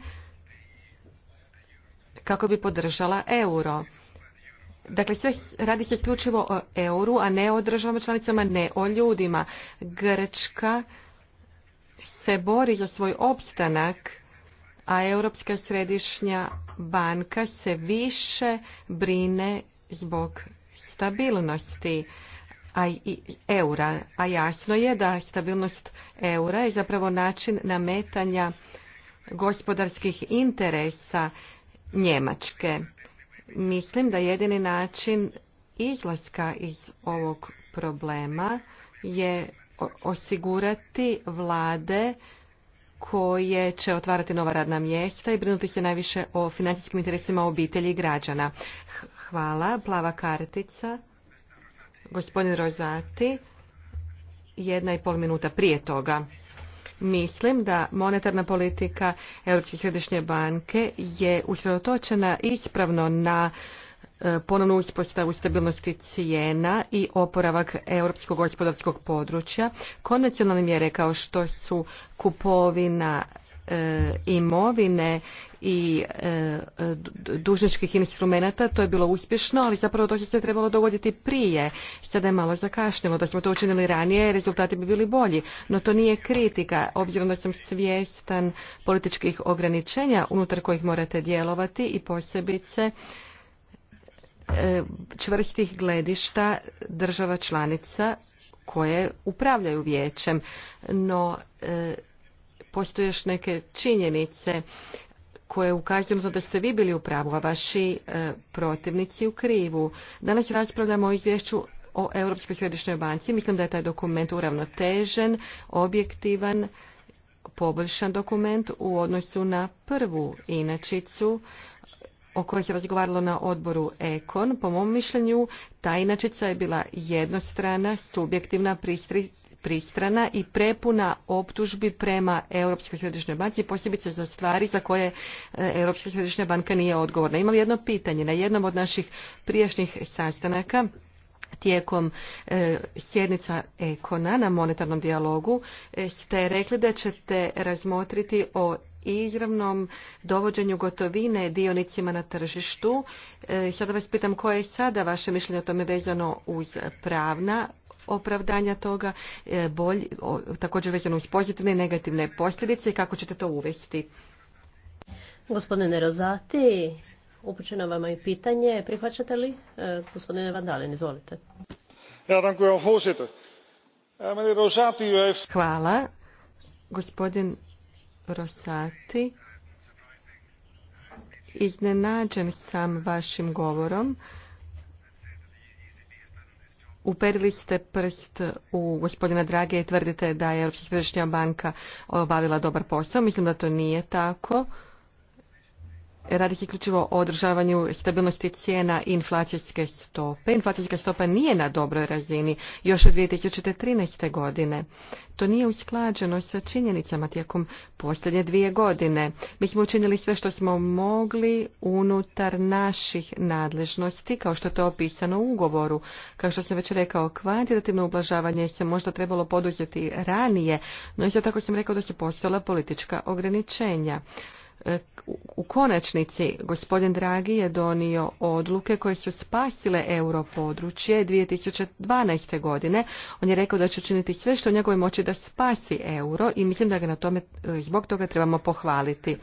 kako bi podržala euro. Dakle, sve radi se isključivo o euru, a ne o državama članicama, ne o ljudima. Grčka se bori za svoj opstanak, a Europska središnja banka se više brine zbog stabilnosti a i eura. A jasno je da stabilnost eura je zapravo način nametanja gospodarskih interesa Njemačke. Mislim da jedini način izlaska iz ovog problema je osigurati vlade koje će otvarati nova radna mjesta i brinuti se najviše o financijskim interesima obitelji i građana. Hvala. Plava kartica. Gospodin Rozati. Jedna i pol minuta prije toga. Mislim da monetarna politika Europske središnje banke je usredotočena ispravno na e, ponovnu uspostavu stabilnosti cijena i oporavak europskog gospodarskog područja. Konvencionalne mjere kao što su kupovina E, imovine i e, dužničkih instrumenata, to je bilo uspješno, ali zapravo to se trebalo dogoditi prije. Sada je malo zakašnjelo, da smo to učinili ranije, rezultati bi bili bolji. No to nije kritika, obzirom da sam svjestan političkih ograničenja unutar kojih morate djelovati i posebice e, čvrstih gledišta država članica koje upravljaju vijećem. No postoje još neke činjenice koje ukazuju da ste vi bili u pravu, a vaši e, protivnici u krivu. Danas raspravljamo o izvješću o Europskoj središnjoj banci. Mislim da je taj dokument uravnotežen, objektivan, poboljšan dokument u odnosu na prvu inačicu o kojoj se razgovaralo na odboru Ekon. Po mom mišljenju, ta inačica je bila jednostrana, subjektivna, pristrana i prepuna optužbi prema Europskoj središnjoj banci, posebice za stvari za koje eh, Europska središnja banka nije odgovorna. Imam jedno pitanje. Na jednom od naših prijašnjih sastanaka tijekom e, sjednica Ekona na monetarnom dijalogu eh, ste rekli da ćete razmotriti o izravnom dovođenju gotovine dionicima na tržištu. E, sada vas pitam koje je sada vaše mišljenje o tome vezano uz pravna opravdanja toga, e, također vezano uz pozitivne i negativne posljedice i kako ćete to uvesti? Gospodine Rozati, upućeno vam je pitanje. Prihvaćate li? E, gospodine Vandalin, izvolite. Ja, dank u Hvala. Gospodin Rosati. Iznenađen sam vašim govorom. Uperili ste prst u gospodina Drage i tvrdite da je Europska središnja banka obavila dobar posao. Mislim da to nije tako radi se isključivo o održavanju stabilnosti cijena i inflacijske stope. Inflacijska stopa nije na dobroj razini još od 2013. godine. To nije usklađeno sa činjenicama tijekom posljednje dvije godine. Mi smo učinili sve što smo mogli unutar naših nadležnosti, kao što je to opisano u ugovoru. Kao što sam već rekao, kvantitativno ublažavanje se možda trebalo poduzeti ranije, no isto tako sam rekao da su postojala politička ograničenja. E, u konačnici, gospodin Dragi je donio odluke koje su spasile euro europodručje 2012. godine. On je rekao da će učiniti sve što u njegovoj moći da spasi euro i mislim da ga na tome e, zbog toga trebamo pohvaliti.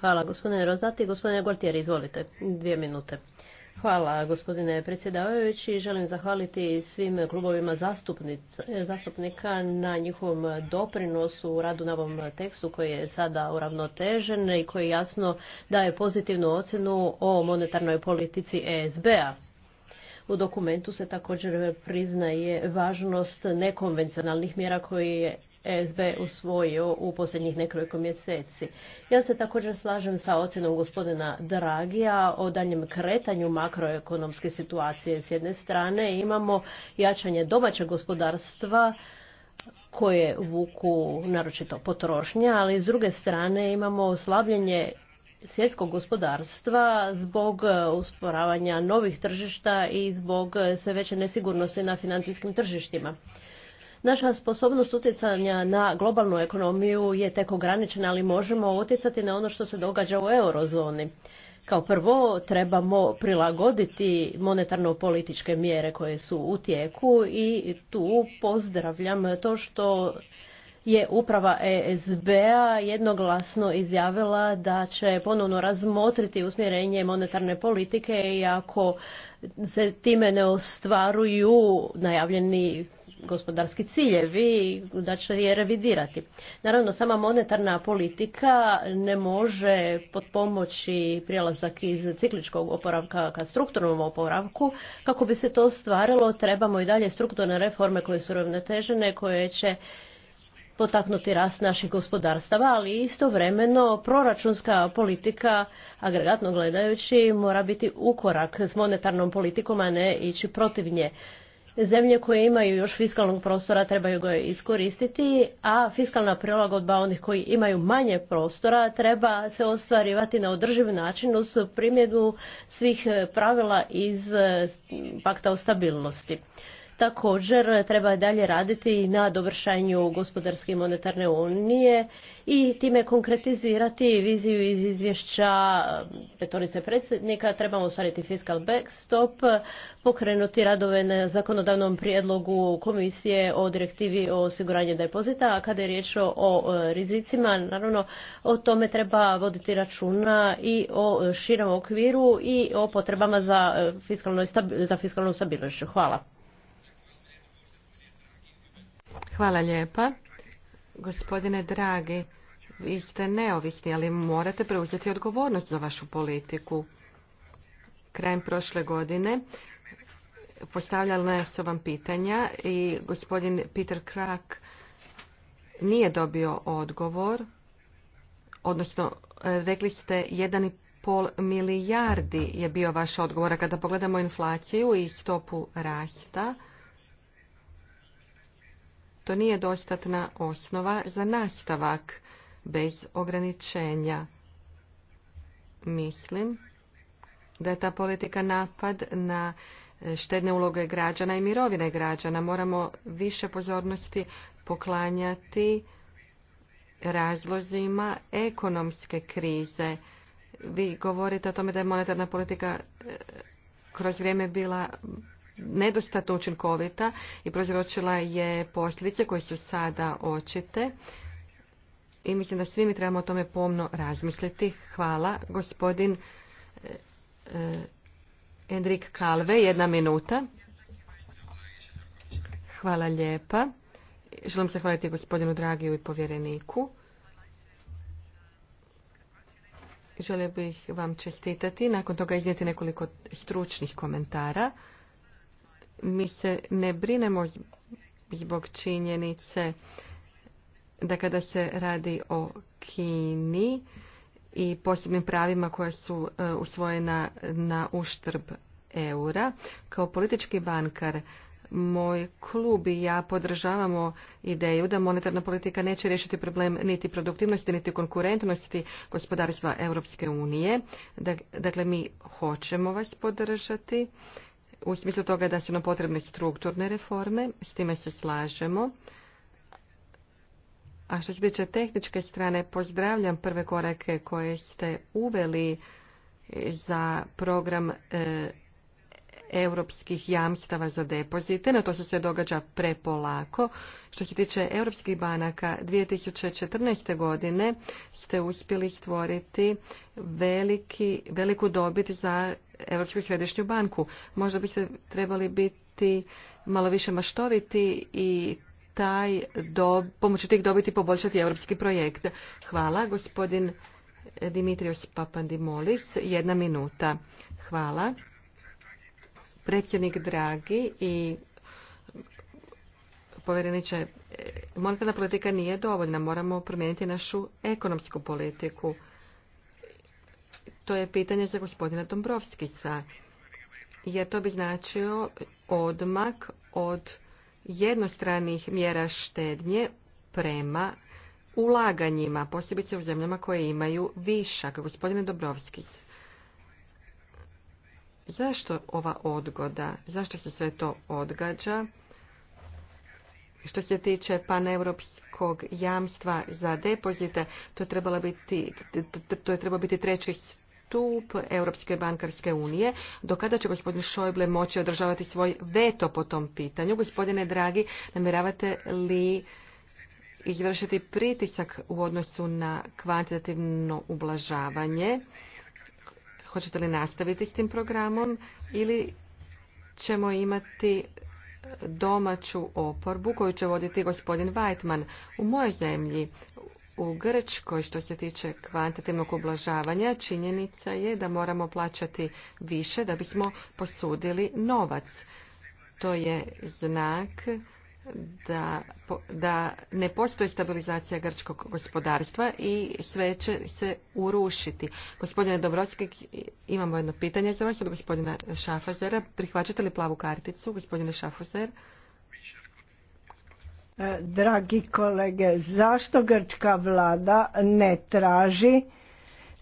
Hvala gospodine Rozati. Gospodine Gualtieri, izvolite. Dvije minute. Hvala gospodine predsjedavajući. Želim zahvaliti svim klubovima zastupnika na njihovom doprinosu u radu na ovom tekstu koji je sada uravnotežen i koji jasno daje pozitivnu ocjenu o monetarnoj politici ESB-a. U dokumentu se također priznaje važnost nekonvencionalnih mjera koje SB usvojio u posljednjih nekoliko mjeseci. Ja se također slažem sa ocjenom gospodina Dragija o daljem kretanju makroekonomske situacije. S jedne strane imamo jačanje domaćeg gospodarstva koje vuku naročito potrošnja, ali s druge strane imamo oslabljenje svjetskog gospodarstva zbog usporavanja novih tržišta i zbog sve veće nesigurnosti na financijskim tržištima. Naša sposobnost utjecanja na globalnu ekonomiju je tek ograničena, ali možemo utjecati na ono što se događa u eurozoni. Kao prvo trebamo prilagoditi monetarno-političke mjere koje su u tijeku i tu pozdravljam to što je uprava ESB-a jednoglasno izjavila da će ponovno razmotriti usmjerenje monetarne politike i ako se time ne ostvaruju najavljeni gospodarski ciljevi da će je revidirati. Naravno, sama monetarna politika ne može pomoći prijelazak iz cikličkog oporavka ka strukturnom oporavku. Kako bi se to stvarilo, trebamo i dalje strukturne reforme koje su ravnotežene, koje će potaknuti rast naših gospodarstava, ali istovremeno proračunska politika, agregatno gledajući, mora biti ukorak s monetarnom politikom, a ne ići protiv nje. Zemlje koje imaju još fiskalnog prostora trebaju ga iskoristiti, a fiskalna prilagodba onih koji imaju manje prostora treba se ostvarivati na održiv način uz primjenu svih eh, pravila iz eh, pakta o stabilnosti. Također treba dalje raditi na dovršanju gospodarske i monetarne unije i time konkretizirati viziju iz izvješća um, petorice predsjednika. Trebamo ostvariti fiskal backstop, pokrenuti radove na zakonodavnom prijedlogu komisije o direktivi o osiguranju depozita, a kada je riječ o e, rizicima, naravno o tome treba voditi računa i o e, širem okviru i o potrebama za e, za fiskalnu stabilnošću. Hvala. Hvala lijepa. Gospodine Dragi, vi ste neovisni, ali morate preuzeti odgovornost za vašu politiku. Krajem prošle godine postavljala su vam pitanja i gospodin Peter Krak nije dobio odgovor, odnosno e, rekli ste 1,5 milijardi je bio vaš odgovor, a kada pogledamo inflaciju i stopu rasta, to nije dostatna osnova za nastavak bez ograničenja. Mislim da je ta politika napad na e, štedne uloge građana i mirovine građana. Moramo više pozornosti poklanjati razlozima ekonomske krize. Vi govorite o tome da je monetarna politika e, kroz vrijeme bila nedostatno učinkovita i prozročila je posljedice koje su sada očite. I mislim da svi mi trebamo o tome pomno razmisliti. Hvala. Gospodin e, e, Enrik Kalve, jedna minuta. Hvala lijepa. Želim se hvaliti gospodinu Dragiju i povjereniku. Želio bih vam čestitati, nakon toga iznijeti nekoliko stručnih komentara mi se ne brinemo zbog činjenice da kada se radi o Kini i posebnim pravima koja su e, usvojena na uštrb eura, kao politički bankar moj klub i ja podržavamo ideju da monetarna politika neće riješiti problem niti produktivnosti, niti konkurentnosti gospodarstva Europske unije. Dakle, mi hoćemo vas podržati u smislu toga da su nam potrebne strukturne reforme, s time se slažemo. A što se tiče tehničke strane, pozdravljam prve korake koje ste uveli za program e, europskih jamstava za depozite, Na to se sve događa prepolako. Što se tiče europskih banaka, 2014. godine ste uspjeli stvoriti veliki, veliku dobit za Europsku središnju banku. Možda biste trebali biti malo više maštoviti i taj do, pomoću tih dobiti poboljšati europski projekt. Hvala, gospodin Dimitrios Papandimolis. Jedna minuta. Hvala predsjednik Dragi i povjereniče, monetarna politika nije dovoljna, moramo promijeniti našu ekonomsku politiku. To je pitanje za gospodina Dombrovskisa, jer to bi značio odmak od jednostranih mjera štednje prema ulaganjima, posebice u zemljama koje imaju višak. Gospodine Dobrovskis. Zašto ova odgoda? Zašto se sve to odgađa? Što se tiče paneuropskog jamstva za depozite, to je, trebalo biti, to je biti treći stup Europske bankarske unije. Do kada će gospodin Šojble moći održavati svoj veto po tom pitanju? Gospodine Dragi, namjeravate li izvršiti pritisak u odnosu na kvantitativno ublažavanje? hoćete li nastaviti s tim programom ili ćemo imati domaću oporbu koju će voditi gospodin Weitman. U mojoj zemlji, u Grčkoj što se tiče kvantitivnog ublažavanja, činjenica je da moramo plaćati više da bismo posudili novac. To je znak da, da ne postoji stabilizacija grčkog gospodarstva i sve će se urušiti. Gospodine Dobrovski, imamo jedno pitanje za vas od gospodina Šafazera. Prihvaćate li plavu karticu, gospodine Šafazer? E, dragi kolege, zašto grčka vlada ne traži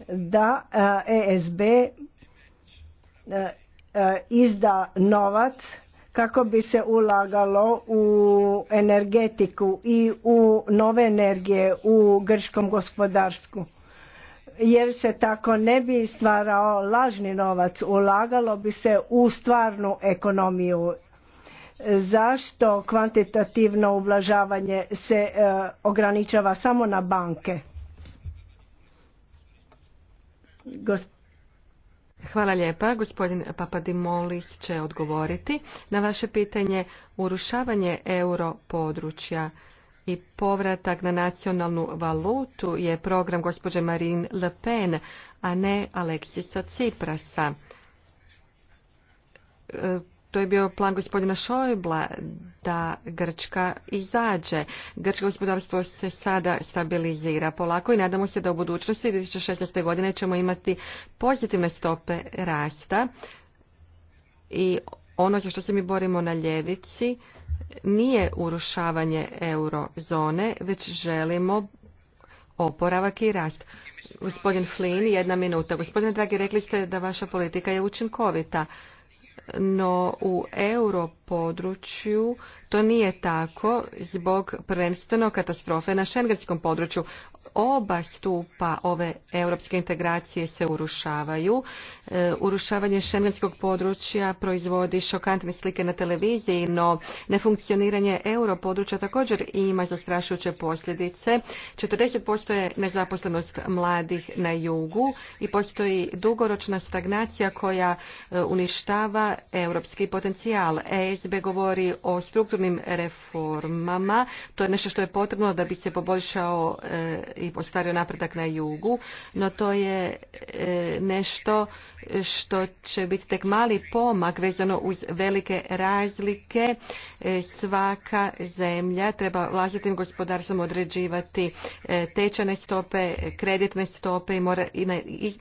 da ESB e e, izda novac kako bi se ulagalo u energetiku i u nove energije u grškom gospodarstvu jer se tako ne bi stvarao lažni novac ulagalo bi se u stvarnu ekonomiju zašto kvantitativno ublažavanje se e, ograničava samo na banke Hvala lijepa. Gospodin Papadimolis će odgovoriti na vaše pitanje urušavanje euro područja i povratak na nacionalnu valutu je program gospođe Marine Le Pen, a ne Aleksisa Ciprasa. E, to je bio plan gospodina Šojbla da Grčka izađe. Grčko gospodarstvo se sada stabilizira polako i nadamo se da u budućnosti 2016. godine ćemo imati pozitivne stope rasta i ono za što se mi borimo na ljevici nije urušavanje eurozone, već želimo oporavak i rast. Gospodin Flin, jedna minuta. Gospodine Dragi, rekli ste da vaša politika je učinkovita no u europodručju to nije tako zbog prvenstveno katastrofe na Schengenskom području oba stupa ove europske integracije se urušavaju. E, urušavanje šengenskog područja proizvodi šokantne slike na televiziji, no nefunkcioniranje euro područja također ima zastrašujuće posljedice. 40% je nezaposlenost mladih na jugu i postoji dugoročna stagnacija koja e, uništava europski potencijal. ESB govori o strukturnim reformama. To je nešto što je potrebno da bi se poboljšao e, i ostvario napredak na jugu, no to je e, nešto što će biti tek mali pomak vezano uz velike razlike. E, svaka zemlja treba vlastitim gospodarstvom određivati e, tečane stope, kreditne stope i mora i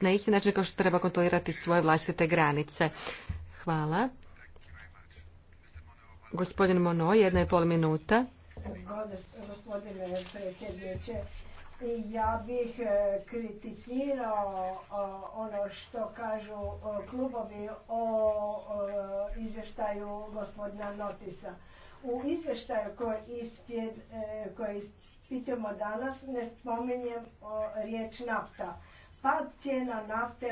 na isti način kao što treba kontrolirati svoje vlastite granice. Hvala. Gospodin Mono, jedna i pol minuta. Ja bih e, kritizirao e, ono što kažu e, klubovi o izvještaju gospodina Notisa. U izvještaju koje ispjed, danas ne spominjem riječ nafta. Pad cijena nafte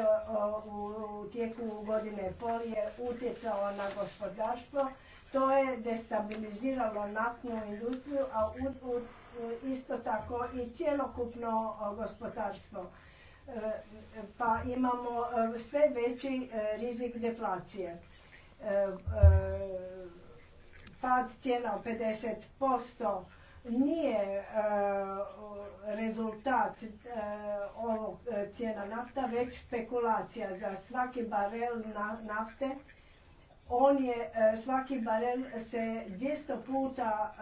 u tijeku godine pol je utjecao na gospodarstvo. To je destabiliziralo naftnu industriju, a E, isto tako i cjelokupno gospodarstvo. E, pa imamo e, sve veći rizik deflacije. Pad cijena 50% nije rezultat ovog cijena nafta, već spekulacija za svaki barel nafte on je, e, svaki barem se 200 puta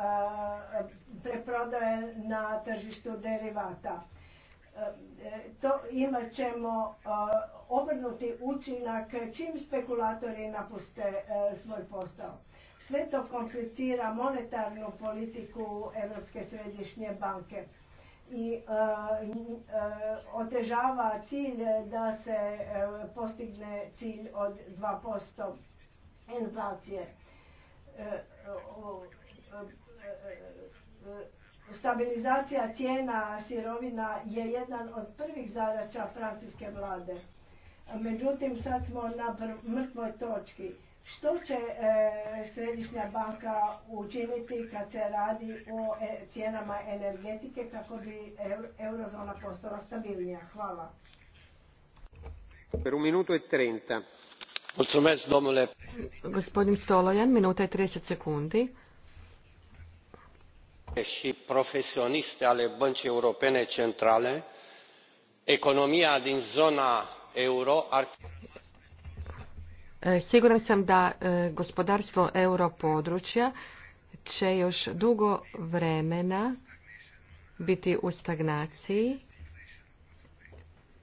e, preprodaje na tržištu derivata. E, to imat ćemo obrnuti učinak čim spekulatori napuste svoj posao. Sve to komplicira monetarnu politiku Europske središnje banke i otežava cilj da se postigne cilj od 2% inflacije, e, e, e, stabilizacija cijena sirovina je jedan od prvih zadaća francuske vlade. Međutim, sad smo na mrtvoj točki. Što će Središnja banka učiniti kad se radi o cijenama energetike kako bi eurozona postala stabilnija? Hvala. Per e Gospodin Stolojan, minuta sekundi. Și profesioniste ale Băncii Europene Centrale, ekonomija din zona euro ar... E, siguran sam da e, gospodarstvo europodručja će još dugo vremena biti u stagnaciji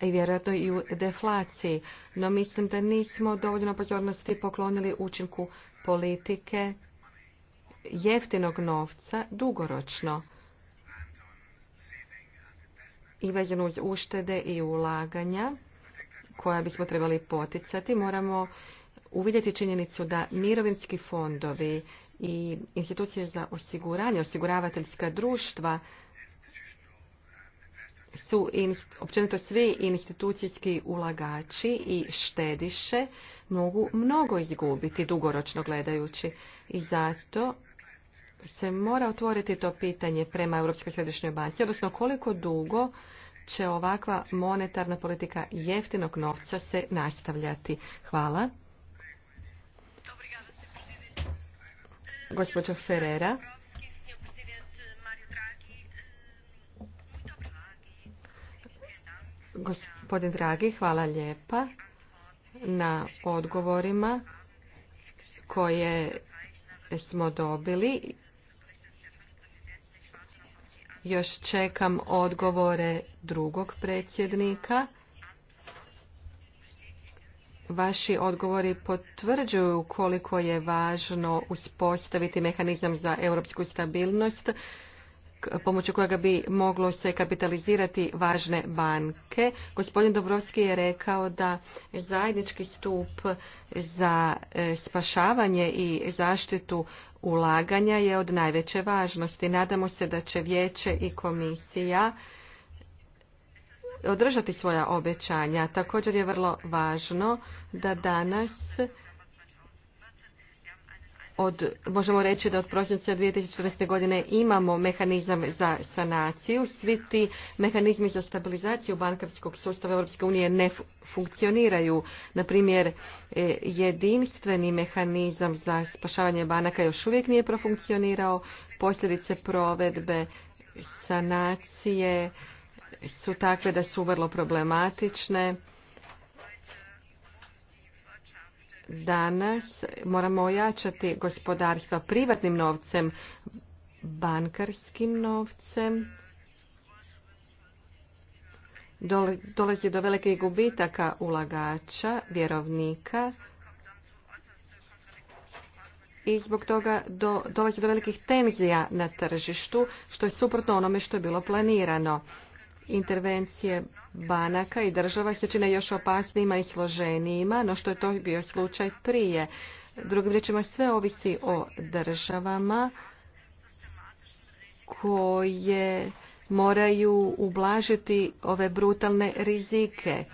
i vjerojatno i u deflaciji. No mislim da nismo dovoljno pozornosti poklonili učinku politike jeftinog novca dugoročno i vezano uz uštede i ulaganja koja bismo trebali poticati, moramo uvidjeti činjenicu da mirovinski fondovi i institucije za osiguranje, osiguravateljska društva su općenito svi institucijski ulagači i štediše mogu mnogo izgubiti dugoročno gledajući i zato se mora otvoriti to pitanje prema Europskoj središnjoj banci, odnosno koliko dugo će ovakva monetarna politika jeftinog novca se nastavljati. Hvala. Gospođo Ferrera. Gospodin Dragi, hvala lijepa na odgovorima koje smo dobili. Još čekam odgovore drugog predsjednika. Vaši odgovori potvrđuju koliko je važno uspostaviti mehanizam za europsku stabilnost pomoću kojega bi moglo se kapitalizirati važne banke. Gospodin Dobrovski je rekao da zajednički stup za e, spašavanje i zaštitu ulaganja je od najveće važnosti. Nadamo se da će vijeće i komisija održati svoja obećanja. Također je vrlo važno da danas od, možemo reći da od prosinca 2014. godine imamo mehanizam za sanaciju. Svi ti mehanizmi za stabilizaciju bankarskog sustava Europske unije ne funkcioniraju. Na primjer, e, jedinstveni mehanizam za spašavanje banaka još uvijek nije profunkcionirao. Posljedice provedbe sanacije su takve da su vrlo problematične. danas moramo ojačati gospodarstvo privatnim novcem, bankarskim novcem. Dolazi do velikih gubitaka ulagača, vjerovnika i zbog toga dolazi do velikih tenzija na tržištu, što je suprotno onome što je bilo planirano intervencije banaka i država se čine još opasnijima i složenijima, no što je to bio slučaj prije. Drugim riječima, sve ovisi o državama koje moraju ublažiti ove brutalne rizike.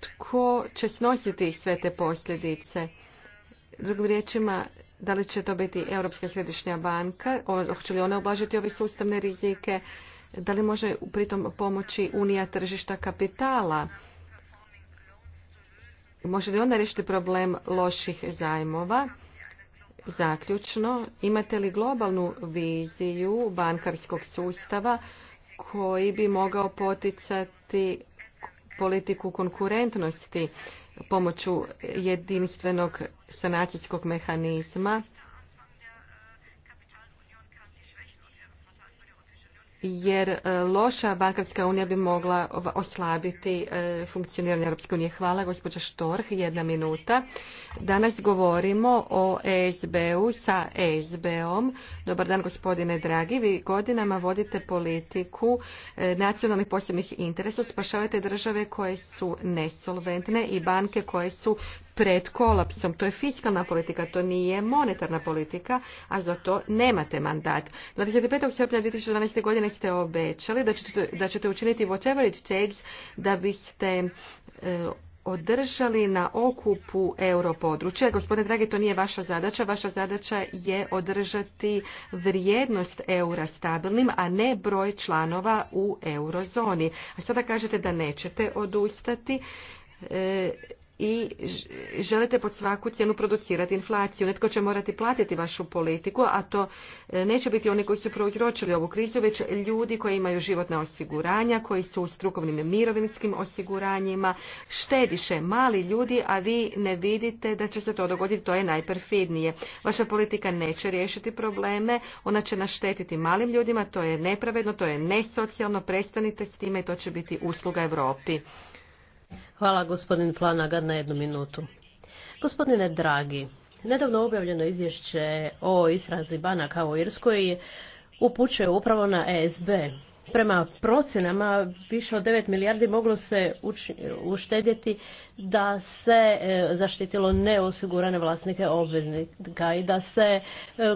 Tko će snositi sve te posljedice? Drugim riječima, da li će to biti Europska središnja banka? Hoće li ona ublažiti ove sustavne rizike? Da li može pritom pomoći Unija tržišta kapitala? Može li onda riješiti problem loših zajmova? Zaključno, imate li globalnu viziju bankarskog sustava koji bi mogao poticati politiku konkurentnosti pomoću jedinstvenog sanacijskog mehanizma jer e, loša bankarska unija bi mogla oslabiti e, funkcioniranje Europske unije. Hvala, gospođa Štorh, jedna minuta. Danas govorimo o ESB-u sa ESB-om. Dobar dan, gospodine dragi. Vi godinama vodite politiku e, nacionalnih posebnih interesa, spašavate države koje su nesolventne i banke koje su pred kolapsom. To je fiskalna politika, to nije monetarna politika, a za to nemate mandat. 25. srpnja 2012. godine ste obećali da ćete, da ćete učiniti whatever it takes da biste e, održali na okupu europodručja. Gospodine Dragi, to nije vaša zadaća. Vaša zadaća je održati vrijednost eura stabilnim, a ne broj članova u eurozoni. A sada kažete da nećete odustati. E, i želite pod svaku cijenu producirati inflaciju. Netko će morati platiti vašu politiku, a to e, neće biti oni koji su prouzročili ovu krizu, već ljudi koji imaju životna osiguranja, koji su u strukovnim mirovinskim osiguranjima, štediše mali ljudi, a vi ne vidite da će se to dogoditi, to je najperfidnije. Vaša politika neće riješiti probleme, ona će naštetiti malim ljudima, to je nepravedno, to je nesocijalno, prestanite s time i to će biti usluga Europi. Hvala gospodin Flanagan na jednu minutu. Gospodine Dragi, nedavno objavljeno izvješće o istrazi banaka u Irskoj upućuje upravo na ESB. Prema procjenama više od 9 milijardi moglo se uštedjeti da se e, zaštitilo neosigurane vlasnike obveznika i da se e,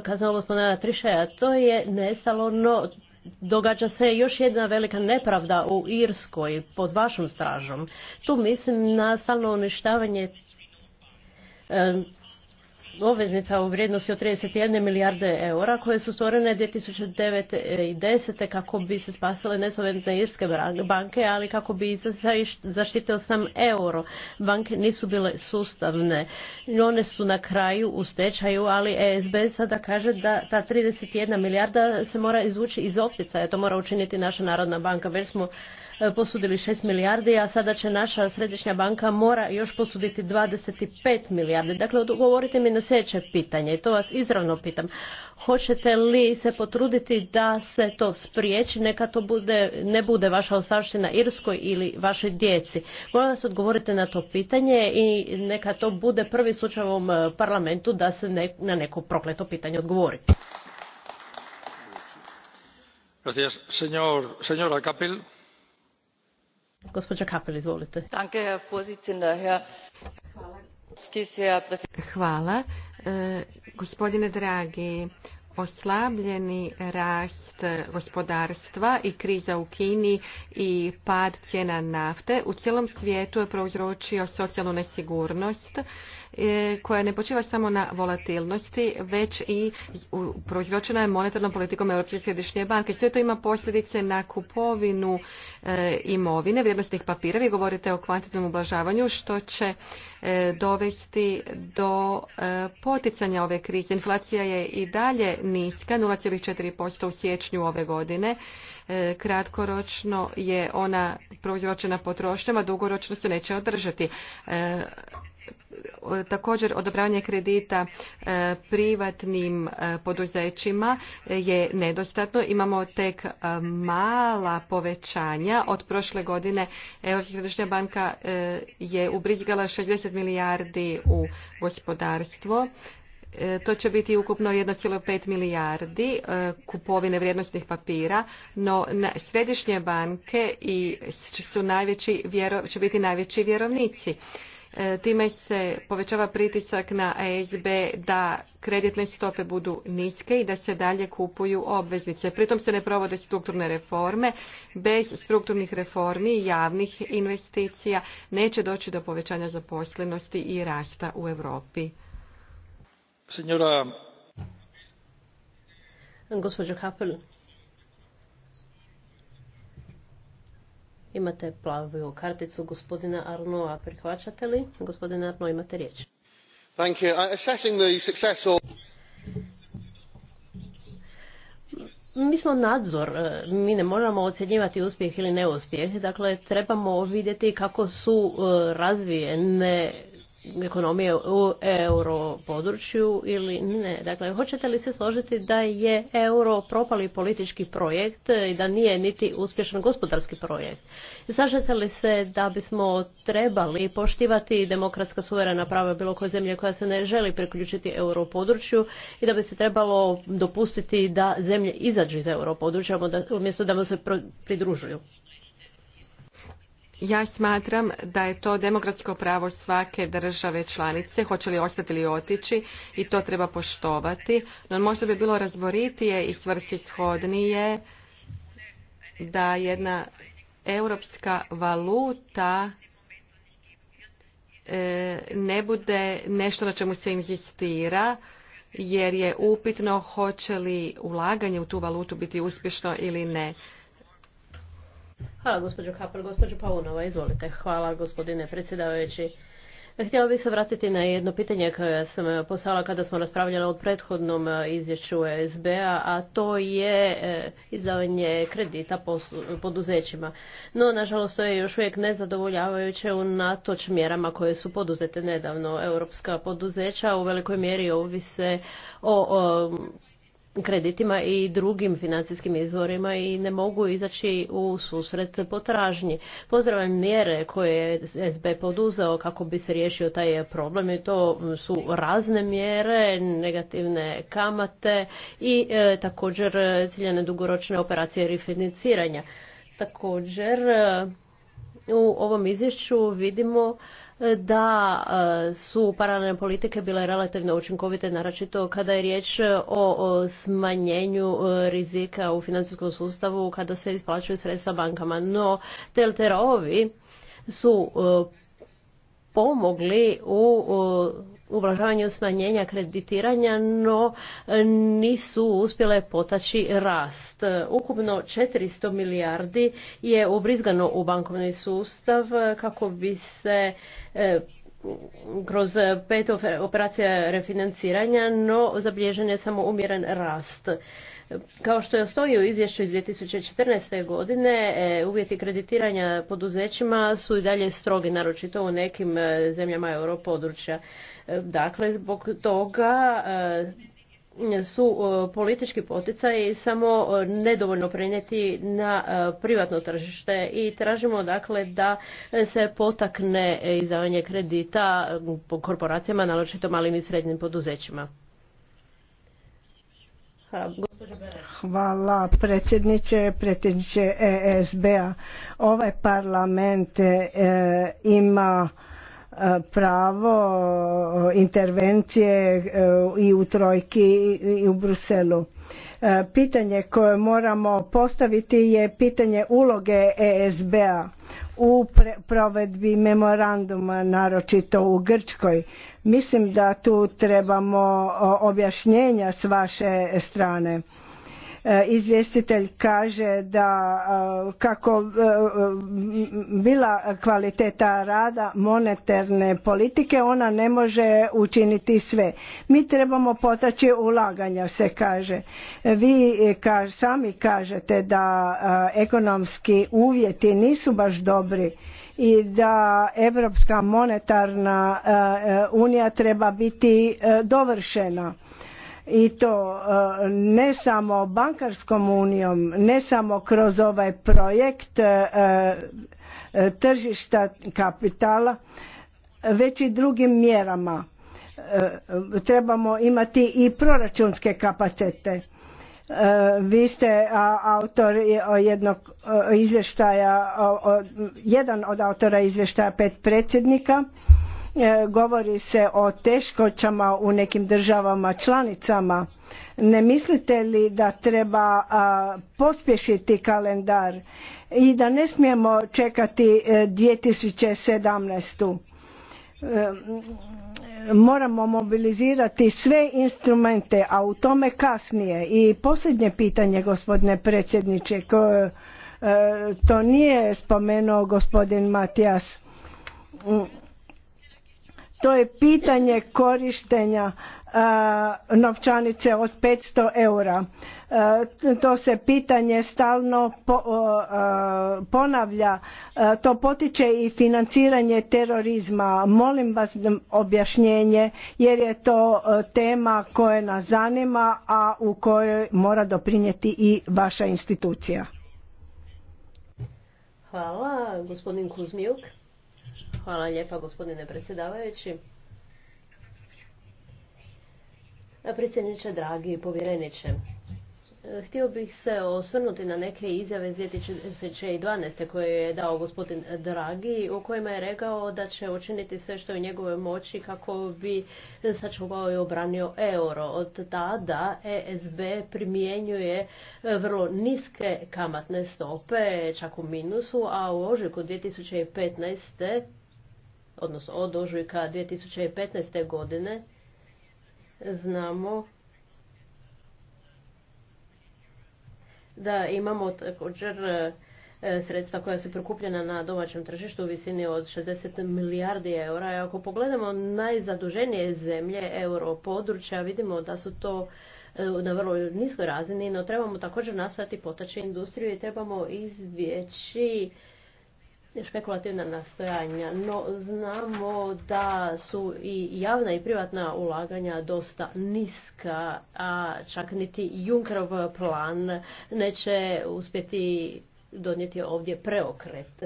kaznalo gospodina Trišaja. To je nestalo, no događa se još jedna velika nepravda u Irskoj pod vašom stražom. Tu mislim na stalno uništavanje obveznica u vrijednosti od 31 milijarde eura koje su stvorene 2009. i 2010. kako bi se spasile nesolventne irske banke, ali kako bi zaštitio sam euro. Banke nisu bile sustavne. One su na kraju u stečaju, ali ESB sada kaže da ta 31 milijarda se mora izvući iz opticaja. To mora učiniti naša Narodna banka. Već smo E, posudili 6 milijardi, a sada će naša središnja banka mora još posuditi 25 milijardi. Dakle, odgovorite mi na sljedeće pitanje i to vas izravno pitam. Hoćete li se potruditi da se to spriječi, neka to bude, ne bude vaša ostavština Irskoj ili vašoj djeci? Molim vas odgovorite na to pitanje i neka to bude prvi slučaj u ovom e, parlamentu da se na neko prokleto pitanje odgovori. Gracias, Gospođa izvolite. Hvala. E, gospodine dragi, oslabljeni rast gospodarstva i kriza u Kini i pad cijena nafte u cijelom svijetu je prouzročio socijalnu nesigurnost. E, koja ne počiva samo na volatilnosti, već i prouzročena je monetarnom politikom Europske središnje banke. Sve to ima posljedice na kupovinu e, imovine, vrijednostnih papira. Vi govorite o kvantitnom ublažavanju, što će e, dovesti do poticanja ove krize. Inflacija je i dalje niska, 0,4% u siječnju ove godine. Kratkoročno je ona prouzročena potrošnjama, dugoročno se neće održati također odobravanje kredita e, privatnim e, poduzećima je nedostatno. Imamo tek e, mala povećanja. Od prošle godine Europska središnja banka je ubrizgala 60 milijardi u gospodarstvo. To će biti ukupno 1,5 milijardi kupovine vrijednostnih papira, no središnje banke i su najveći, će biti najveći vjerovnici. E, time se povećava pritisak na ESB da kreditne stope budu niske i da se dalje kupuju obveznice. Pritom se ne provode strukturne reforme. Bez strukturnih reformi i javnih investicija neće doći do povećanja zaposlenosti i rasta u Europi. Gospođo Imate plavu karticu gospodina Arnoa. Prihvaćate li? Gospodine Arno, imate riječ. Thank you. Uh, assessing the Mi smo nadzor, e, mi ne moramo ocjenjivati uspjeh ili neuspjeh, dakle trebamo vidjeti kako su e, razvijene ekonomije u euro području ili ne. Dakle, hoćete li se složiti da je euro propali politički projekt i da nije niti uspješan gospodarski projekt? Slažete li se da bismo trebali poštivati demokratska suverena prava bilo koje zemlje koja se ne želi priključiti euro području i da bi se trebalo dopustiti da zemlje izađu iz euro područja umjesto da mu se pridružuju? Ja smatram da je to demokratsko pravo svake države članice, hoće li ostati ili otići i to treba poštovati, no možda bi bilo razboritije i svrsishodnije da jedna europska valuta e, ne bude nešto na čemu se inzistira, jer je upitno hoće li ulaganje u tu valutu biti uspješno ili ne. Hvala gospođo Kapar, Gospođo Paunova, izvolite. Hvala gospodine predsjedavajući. Htjela bih se vratiti na jedno pitanje koje sam poslala kada smo raspravljali o prethodnom e, izvješću SBA, a to je e, izdavanje kredita poduzećima. No, nažalost, to je još uvijek nezadovoljavajuće u natoč mjerama koje su poduzete nedavno. Europska poduzeća u velikoj mjeri ovise o kreditima i drugim financijskim izvorima i ne mogu izaći u susret potražnji. Pozdravljam mjere koje je SB poduzeo kako bi se riješio taj problem i to su razne mjere, negativne kamate i e, također ciljene dugoročne operacije refinanciranja. Također e, u ovom izvješću vidimo da e, su paralelne politike bile relativno učinkovite, naročito kada je riječ o smanjenju e, rizika u financijskom sustavu kada se isplaćuju sredstva bankama. No, telterovi su e, pomogli u ublažavanju smanjenja kreditiranja, no e, nisu uspjele potaći rast. Ukupno 400 milijardi je ubrizgano u bankovni sustav kako bi se e, kroz pet operacija refinanciranja, no zabilježen je samo umjeren rast. Kao što je stoji u izvješću iz 2014. godine, e, uvjeti kreditiranja poduzećima su i dalje strogi, naročito u nekim zemljama europodručja. Dakle, zbog toga e, su e, politički poticaji samo e, nedovoljno prenijeti na privatno tržište i tražimo dakle da se potakne izdavanje kredita po korporacijama, naročito malim i srednjim poduzećima. Hvala predsjedniče, predsjedniče ESB-a. Ovaj parlament ima pravo eh, intervencije eh, i u Trojki i u Briselu. Eh, pitanje koje moramo postaviti je pitanje uloge ESB-a u provedbi memoranduma, naročito u Grčkoj. Mislim da tu trebamo objašnjenja s vaše strane E, izvjestitelj kaže da e, kako e, bila kvaliteta rada monetarne politike ona ne može učiniti sve. Mi trebamo potaći ulaganja se kaže. Vi sami kažete da ekonomski uvjeti nisu baš dobri i da Europska monetarna unija treba biti dovršena i to e, ne samo bankarskom unijom, ne samo kroz ovaj projekt e, e, tržišta kapitala, već i drugim mjerama. Trebamo imati i proračunske kapacete. Vi ste autor jednog izvještaja, jedan od autora izvještaja pet predsjednika E, govori se o teškoćama u nekim državama članicama. Ne mislite li da treba pospješiti kalendar i da ne smijemo čekati 2017. E, e, moramo mobilizirati sve instrumente, a u tome kasnije. I posljednje pitanje, gospodine predsjedniče, to nije spomenuo gospodin Matijas to je pitanje korištenja e, novčanice od 500 eura. E, to se pitanje stalno e, ponavlja. To potiče i financiranje terorizma. Molim vas objašnjenje jer je to tema koja nas zanima, a u kojoj mora doprinijeti i vaša institucija. Hvala, gospodin Kuzmijuk. Hvala lijepa gospodine predsjedavajući. Predsjedniče, dragi povjereniče, Htio bih se osvrnuti na neke izjave iz 2012. koje je dao gospodin Dragi, u kojima je rekao da će učiniti sve što je u njegovoj moći kako bi sačuvao i obranio euro. Od tada ESB primjenjuje e, vrlo niske kamatne stope, čak u minusu, a u ožujku 2015 odnosno od ožujka 2015. godine, znamo da imamo također e, sredstva koja su prikupljena na domaćem tržištu u visini od 60 milijardi eura. I ako pogledamo najzaduženije zemlje europodručja, vidimo da su to e, na vrlo niskoj razini, no trebamo također nasvati potaći industriju i trebamo izvjeći špekulativna nastojanja, no znamo da su i javna i privatna ulaganja dosta niska, a čak niti Junkerov plan neće uspjeti donijeti ovdje preokret.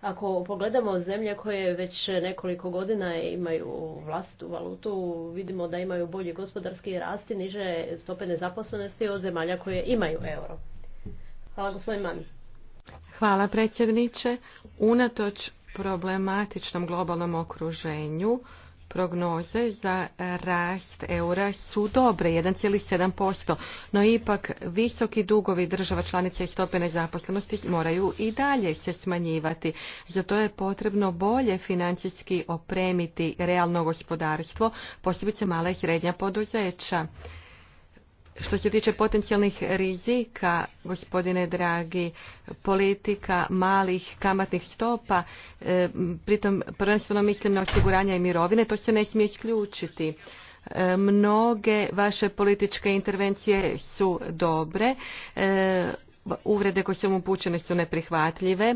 Ako pogledamo zemlje koje već nekoliko godina imaju vlastitu valutu, vidimo da imaju bolji gospodarski rast i niže stope nezaposlenosti od zemalja koje imaju euro. Hvala gospodin Mani. Hvala predsjedniče. Unatoč problematičnom globalnom okruženju, prognoze za rast eura su dobre, 1,7%, no ipak visoki dugovi država članica i stope nezaposlenosti moraju i dalje se smanjivati. Zato je potrebno bolje financijski opremiti realno gospodarstvo, posebice mala i srednja poduzeća. Što se tiče potencijalnih rizika, gospodine dragi, politika malih kamatnih stopa, e, pritom prvenstveno mislim na osiguranja i mirovine, to se ne smije isključiti. E, mnoge vaše političke intervencije su dobre, e, uvrede koje su upućene su neprihvatljive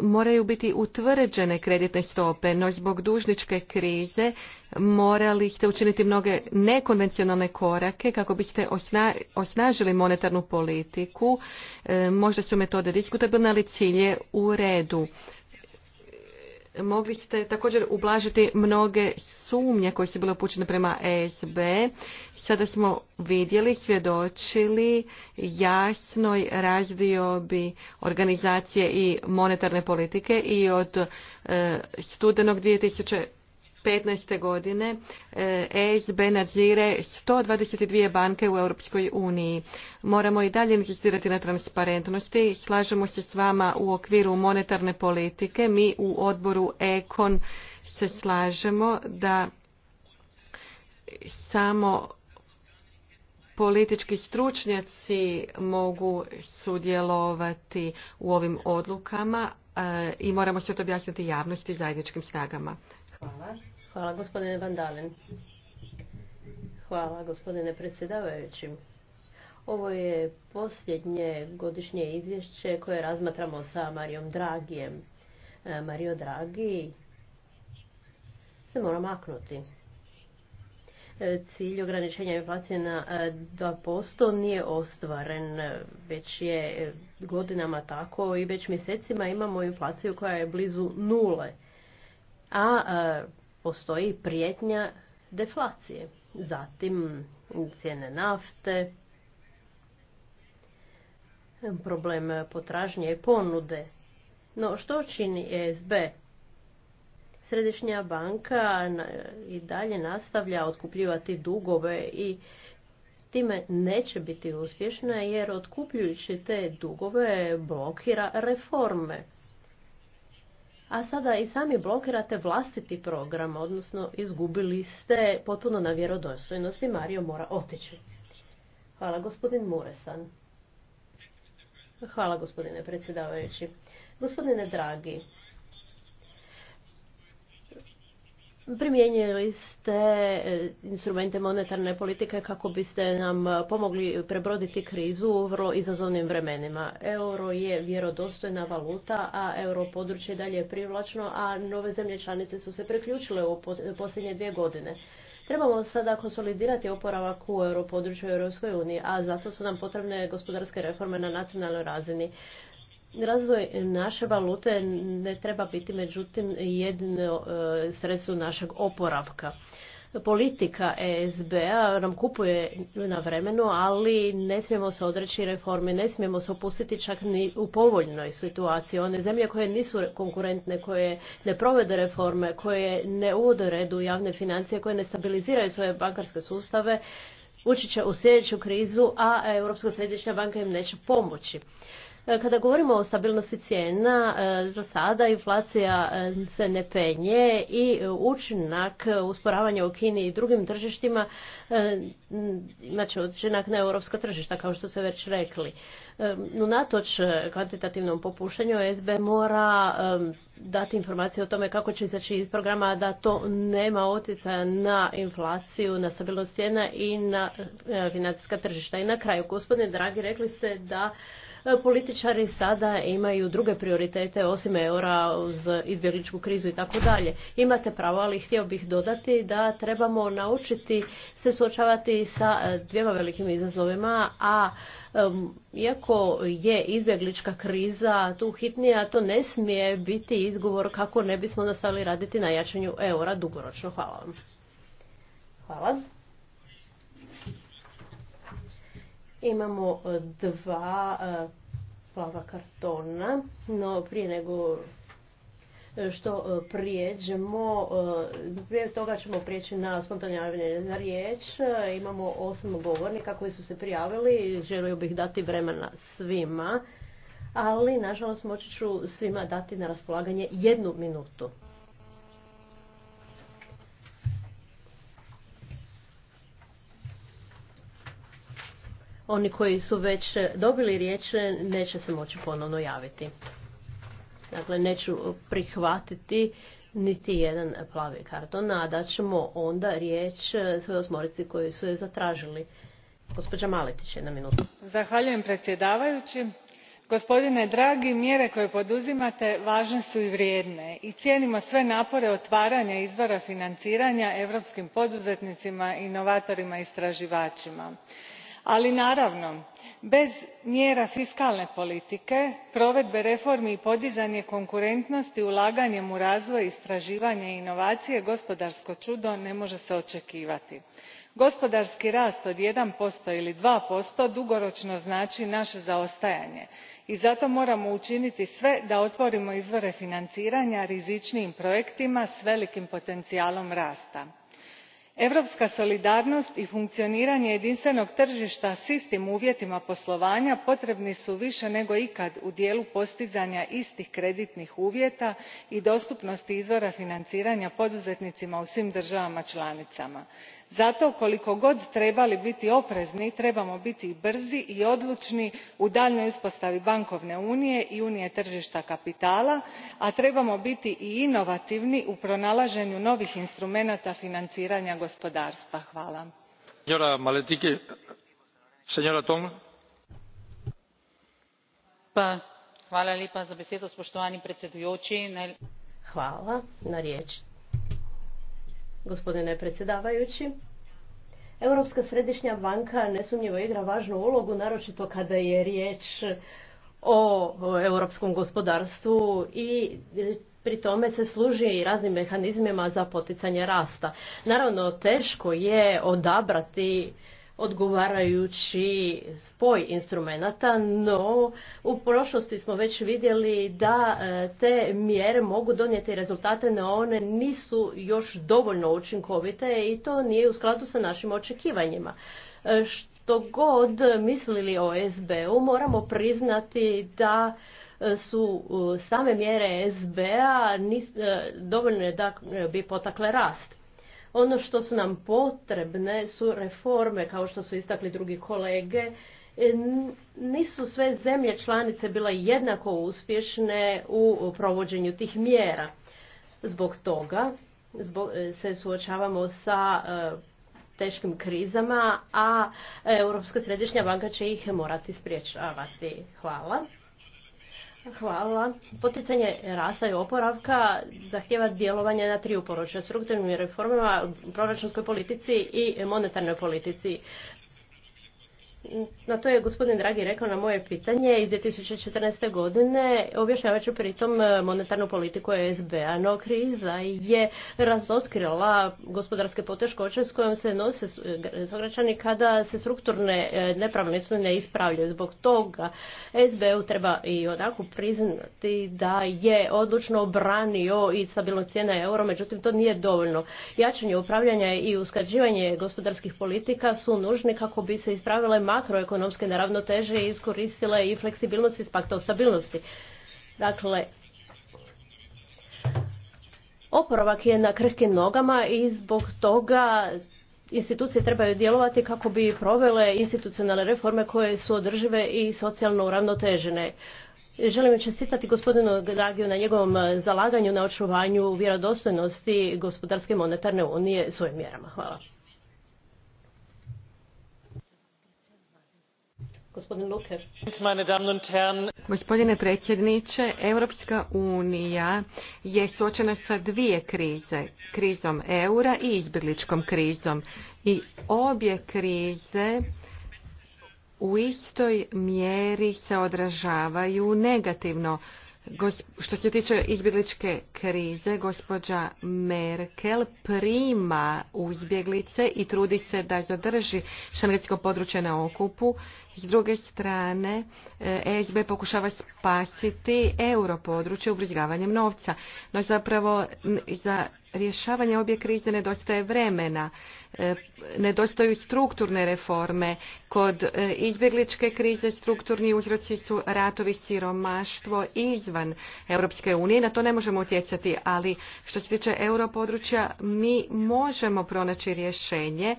moraju biti utvrđene kreditne stope, no zbog dužničke krize morali ste učiniti mnoge nekonvencionalne korake kako biste osna, osnažili monetarnu politiku. E, možda su metode diskutabilne, ali cilj je u redu mogli ste također ublažiti mnoge sumnje koje su bile upućene prema ESB. Sada smo vidjeli, svjedočili jasnoj razdiobi organizacije i monetarne politike i od e, studenog 2015. godine ESB eh, nadzire 122 banke u Europskoj uniji. Moramo i dalje inzistirati na transparentnosti. Slažemo se s vama u okviru monetarne politike. Mi u odboru EKON se slažemo da samo politički stručnjaci mogu sudjelovati u ovim odlukama eh, i moramo se to objasniti javnosti zajedničkim snagama. Hvala. Hvala gospodine Vandalen. Hvala gospodine predsjedavajući. Ovo je posljednje godišnje izvješće koje razmatramo sa Marijom Dragijem. E, Mario Dragi se mora maknuti. E, cilj ograničenja inflacije na 2% e, nije ostvaren, već je godinama tako i već mjesecima imamo inflaciju koja je blizu nule. A postoji prijetnja deflacije. Zatim cijene nafte, problem potražnje i ponude. No što čini e SB? Središnja banka i dalje nastavlja otkupljivati dugove i time neće biti uspješna jer otkupljujući te dugove blokira reforme a sada i sami blokirate vlastiti program, odnosno izgubili ste potpuno na vjerodostojnosti. Mario mora otići. Hvala gospodin Muresan. Hvala gospodine predsjedavajući. Gospodine dragi, Primijenili ste e, instrumente monetarne politike kako biste nam e, pomogli prebroditi krizu u vrlo izazovnim vremenima. Euro je vjerodostojna valuta, a euro područje dalje je privlačno, a nove zemlje članice su se priključile u posljednje dvije godine. Trebamo sada konsolidirati oporavak u europodručju Europskoj uniji, a zato su nam potrebne gospodarske reforme na nacionalnoj razini. Razvoj naše valute ne treba biti međutim jedno e, sredstvo našeg oporavka. Politika ESB-a nam kupuje na vremenu, ali ne smijemo se odreći reforme, ne smijemo se opustiti čak ni u povoljnoj situaciji. One zemlje koje nisu konkurentne, koje ne provode reforme, koje ne uvode redu javne financije, koje ne stabiliziraju svoje bankarske sustave, ući će u sljedeću krizu, a Europska središnja banka im neće pomoći. E, kada govorimo o stabilnosti cijena, e, za sada inflacija e, se ne penje i učinak usporavanja u Kini i drugim tržištima znači učinak na europska tržišta, kao što ste već rekli. Unatoč kvantitativnom popuštanju, SB mora dati informacije o tome kako će izaći iz programa, da to nema utjecaja na inflaciju, na stabilnost cijena i na financijska tržišta. I na kraju, gospodine Dragi, rekli ste da E, političari sada imaju druge prioritete osim eura uz izbjegličku krizu i tako dalje. Imate pravo, ali htio bih dodati da trebamo naučiti se suočavati sa e, dvijema velikim izazovima, a iako je izbjeglička kriza tu hitnija, to ne smije biti izgovor kako ne bismo nastavili raditi na jačanju eura dugoročno. Hvala vam. Hvala. Imamo e, dva e, plava kartona, no prije nego e, što prijeđemo, prije toga ćemo prijeći na spontanjavanje za riječ. Imamo osam govornika koji su se prijavili, želio bih dati vremena svima, ali nažalost moći ću svima dati na raspolaganje jednu minutu. Oni koji su već dobili riječ neće se moći ponovno javiti. Dakle, neću prihvatiti niti jedan plavi karton, a da ćemo onda riječ sve osmorici koji su je zatražili. Gospođa Maletić, jedna minuta. Zahvaljujem predsjedavajući. Gospodine dragi, mjere koje poduzimate važne su i vrijedne i cijenimo sve napore otvaranja izvora financiranja europskim poduzetnicima, inovatorima i istraživačima ali naravno bez mjera fiskalne politike provedbe reformi i podizanje konkurentnosti ulaganjem u razvoj istraživanje i inovacije gospodarsko čudo ne može se očekivati. gospodarski rast od jedan ili dva posto dugoročno znači naše zaostajanje i zato moramo učiniti sve da otvorimo izvore financiranja rizičnijim projektima s velikim potencijalom rasta europska solidarnost i funkcioniranje jedinstvenog tržišta s istim uvjetima poslovanja potrebni su više nego ikad u dijelu postizanja istih kreditnih uvjeta i dostupnosti izvora financiranja poduzetnicima u svim državama članicama zato koliko god trebali biti oprezni trebamo biti i brzi i odlučni u daljnjoj uspostavi bankovne unije i unije tržišta kapitala a trebamo biti i inovativni u pronalaženju novih instrumenata financiranja gospodarstva. hvala. Pa, hvala gospodine predsjedavajući. Europska središnja banka nesumnjivo igra važnu ulogu, naročito kada je riječ o europskom gospodarstvu i pri tome se služi i raznim mehanizmima za poticanje rasta. Naravno, teško je odabrati odgovarajući spoj instrumenata, no u prošlosti smo već vidjeli da e, te mjere mogu donijeti rezultate, no one nisu još dovoljno učinkovite i to nije u skladu sa našim očekivanjima. E, što god mislili o SB-u, moramo priznati da e, su same mjere SB-a dovoljne da bi potakle rast. Ono što su nam potrebne su reforme, kao što su istakli drugi kolege. E, nisu sve zemlje članice bile jednako uspješne u provođenju tih mjera. Zbog toga e, se suočavamo sa e, teškim krizama, a Europska središnja banka će ih morati spriječavati. Hvala. Hvala. Poticanje rasa i oporavka zahtjeva djelovanje na tri uporočne strukturnim reformama, proračunskoj politici i monetarnoj politici na to je gospodin Dragi rekao na moje pitanje iz 2014. godine objašnjavajući pritom e, monetarnu politiku SBA, no kriza je razotkrila gospodarske poteškoće s kojom se nose e, sugrađani kada se strukturne e, nepravnice ne ispravljaju. Zbog toga SBU treba i onako priznati da je odlučno obranio i stabilnost cijena euro, međutim to nije dovoljno. Jačanje upravljanja i uskađivanje gospodarskih politika su nužni kako bi se ispravile makroekonomske neravnoteže iskoristila i fleksibilnost iz pakta o stabilnosti. Dakle, oporavak je na krhkim nogama i zbog toga institucije trebaju djelovati kako bi provele institucionalne reforme koje su održive i socijalno uravnotežene. Želim čestitati gospodinu Dragiju na njegovom zalaganju na očuvanju vjerodostojnosti gospodarske monetarne unije svojim mjerama. Hvala. Gospodine predsjedniče, Europska unija je suočena sa dvije krize, krizom eura i izbjegličkom krizom. I obje krize u istoj mjeri se odražavaju negativno što se tiče izbjegličke krize, gospođa Merkel prima uzbjeglice i trudi se da zadrži šengensko područje na okupu. S druge strane, ESB pokušava spasiti europodručje područje ubrizgavanjem novca. No zapravo za rješavanje obje krize nedostaje vremena. E, nedostaju strukturne reforme. Kod e, izbjegličke krize strukturni uzroci su ratovi siromaštvo izvan Europske unije. Na to ne možemo utjecati, ali što se tiče europodručja mi možemo pronaći rješenje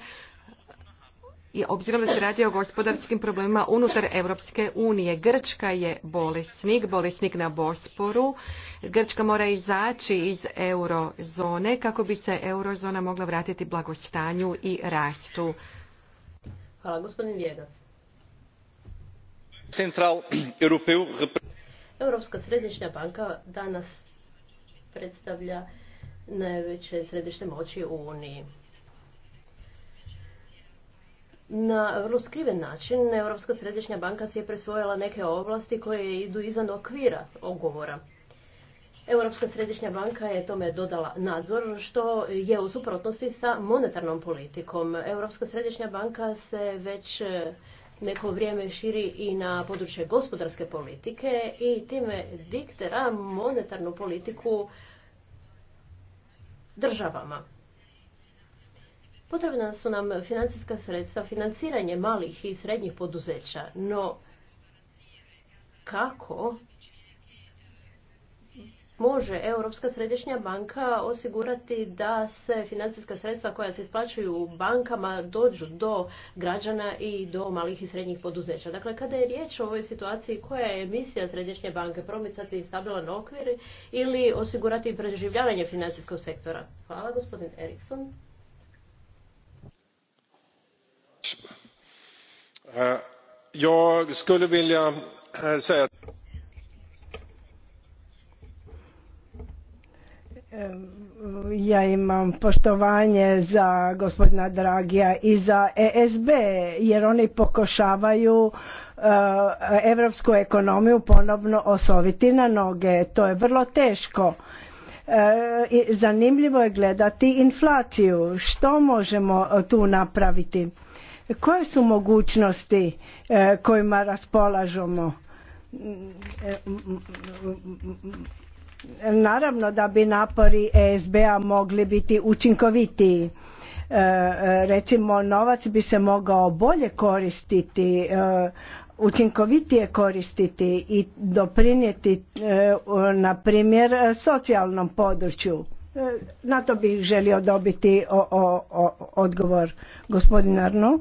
i obzirom da se radi o gospodarskim problemima unutar Europske unije. Grčka je bolesnik, bolesnik na Bosporu. Grčka mora izaći iz eurozone kako bi se eurozona mogla vratiti blagostanju i rastu. Hvala, gospodin Central Europeu... Europska središnja banka danas predstavlja najveće središnje moći u Uniji na vrlo skriven način Europska središnja banka si je presvojila neke ovlasti koje idu izvan okvira ugovora. Europska središnja banka je tome dodala nadzor što je u suprotnosti sa monetarnom politikom. Europska središnja banka se već e, neko vrijeme širi i na područje gospodarske politike i time diktera monetarnu politiku državama. Potrebna su nam financijska sredstva, financiranje malih i srednjih poduzeća, no kako može Europska središnja banka osigurati da se financijska sredstva koja se isplaćuju u bankama dođu do građana i do malih i srednjih poduzeća. Dakle, kada je riječ o ovoj situaciji, koja je misija središnje banke? Promicati stabilan okvir ili osigurati preživljavanje financijskog sektora? Hvala, gospodin Eriksson. Eh, jag vilja eh, Ja imam poštovanje za gospodina Dragija i za ESB jer oni pokušavaju europsku eh, ekonomiju ponovno osoviti na noge. To je vrlo teško. Zanimljivo je gledati inflaciju. Što možemo tu napraviti? Koje su mogućnosti e, kojima raspolažemo? Naravno da bi napori ESB-a mogli biti učinkovitiji. E, recimo novac bi se mogao bolje koristiti, e, učinkovitije koristiti i doprinijeti na primjer socijalnom području. Na to bih želio dobiti odgovor gospodin Arno.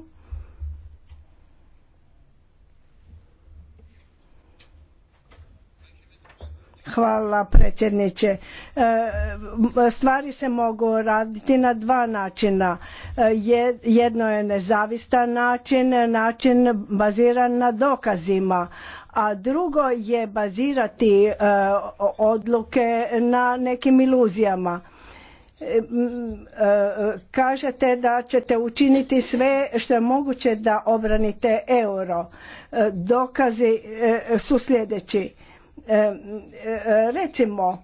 Hvala predsjedniče. E, stvari se mogu raditi na dva načina. E, jedno je nezavistan način, način baziran na dokazima, a drugo je bazirati e, odluke na nekim iluzijama kažete da ćete učiniti sve što je moguće da obranite euro. Dokazi su sljedeći. E, e, e, recimo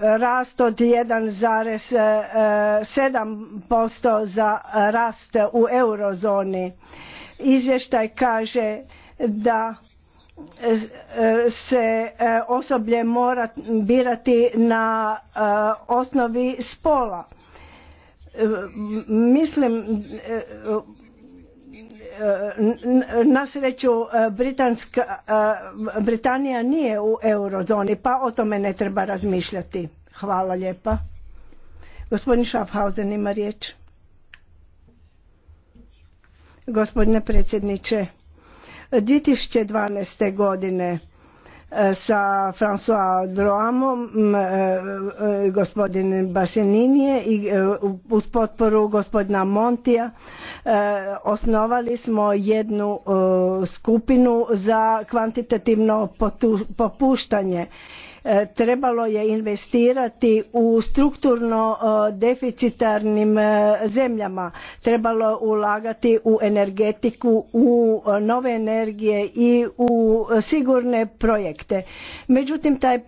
rast od 1,7% za rast u eurozoni. Izvještaj kaže da se osoblje mora birati na osnovi spola. Mislim Eh, na sreću eh, eh, Britanija nije u eurozoni pa o tome ne treba razmišljati. Hvala lijepa. Gospodin Schaffhausen ima riječ. Gospodine predsjedniče, 2012. godine E, sa François Droamom, e, e, gospodin Baseninije i uz potporu gospodina Montija osnovali smo jednu skupinu za kvantitativno popuštanje E, trebalo je investirati u strukturno e, deficitarnim e, zemljama trebalo je ulagati u energetiku u nove energije i u sigurne projekte međutim taj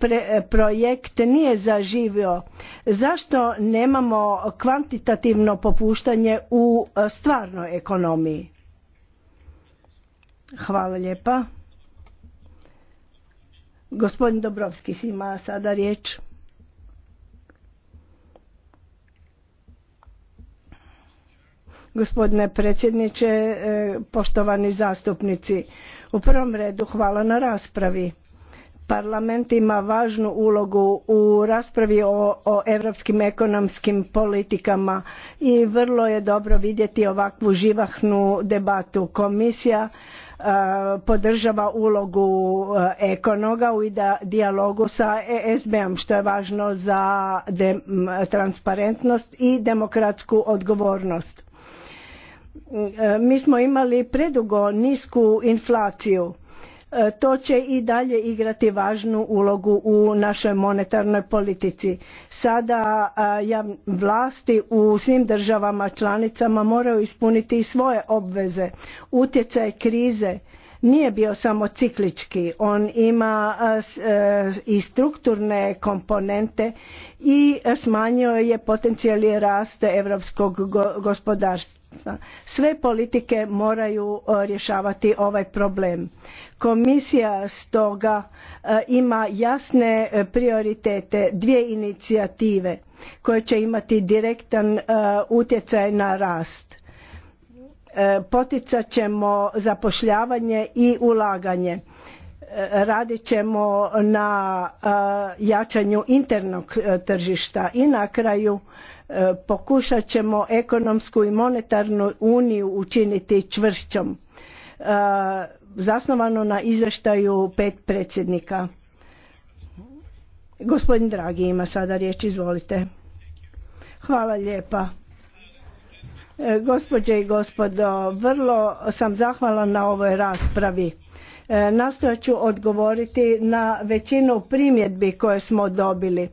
projekt nije zaživio zašto nemamo kvantitativno popuštanje u stvarnoj ekonomiji hvala lijepa Gospodin Dobrovski ima sada riječ. Gospodine predsjedniče, e, poštovani zastupnici, u prvom redu hvala na raspravi. Parlament ima važnu ulogu u raspravi o, o europskim ekonomskim politikama i vrlo je dobro vidjeti ovakvu živahnu debatu. Komisija Eh, podržava ulogu eh, ekonoga u dijalogu sa ESB-om što je važno za transparentnost i demokratsku odgovornost. Mm, eh, mi smo imali predugo nisku inflaciju E, to će i dalje igrati važnu ulogu u našoj monetarnoj politici. Sada e, vlasti u svim državama članicama moraju ispuniti i svoje obveze. Utjecaj krize nije bio samo ciklički, on ima e, i strukturne komponente i smanjio je potencijali rast europskog gospodarstva. Sve politike moraju rješavati ovaj problem. Komisija stoga e, ima jasne e, prioritete, dvije inicijative koje će imati direktan e, utjecaj na rast. Poticat ćemo zapošljavanje i ulaganje. Radit ćemo na jačanju internog tržišta i na kraju pokušat ćemo ekonomsku i monetarnu uniju učiniti čvršćom zasnovano na izvještaju pet predsjednika. Gospodin Dragi ima sada riječ, izvolite. Hvala lijepa. E, gospođe i gospodo, vrlo sam zahvala na ovoj raspravi. E, nastojat ću odgovoriti na većinu primjedbi koje smo dobili.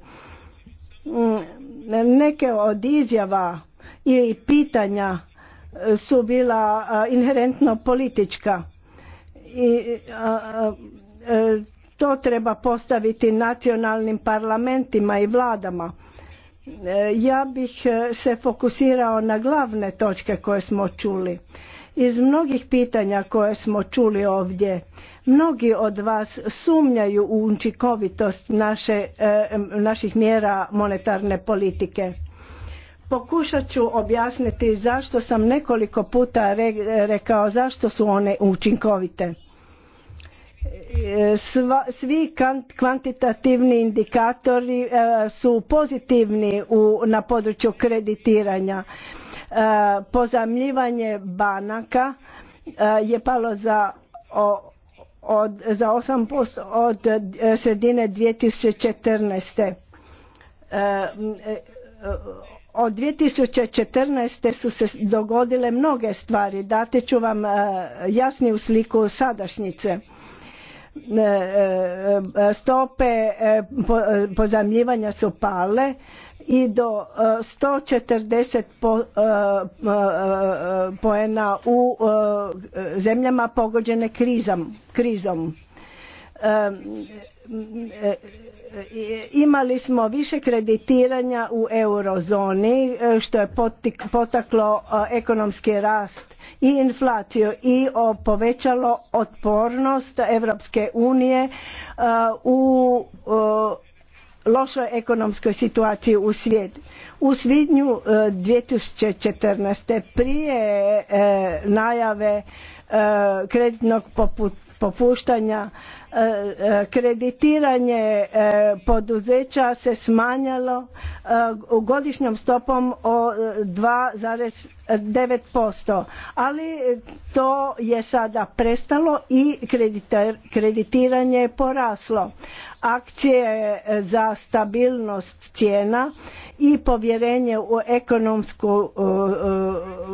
Mm, neke od izjava i pitanja su bila e, inherentno politička i e, to treba postaviti nacionalnim parlamentima i vladama. E, ja bih e, se fokusirao na glavne točke koje smo čuli. Iz mnogih pitanja koje smo čuli ovdje, mnogi od vas sumnjaju u učinkovitost naših mjera monetarne politike Pokušat ću objasniti zašto sam nekoliko puta rekao zašto su one učinkovite. E, svi kvantitativni indikatori e, su pozitivni na području kreditiranja. E, pozamljivanje banaka je palo za od, za 8% od sredine 2014. Od 2014. su se dogodile mnoge stvari. Dati ću vam e, jasniju sliku sadašnjice e, e, stope pozamljivanja su pale i do 140 poena u zemljama pogođene krizom imali smo više kreditiranja u eurozoni e, što je potaklo e, ekonomski rast i inflaciju i povećalo otpornost Europske unije e, u lošoj ekonomskoj situaciji u svijetu. U svibnju 2014. prije najave kreditnog poput popuštanja e, e, kreditiranje e, poduzeća se smanjalo u godišnjom stopom o 2,9%, ali to je sada prestalo i kreditiranje je poraslo. Akcije za stabilnost cijena i povjerenje u ekonomsku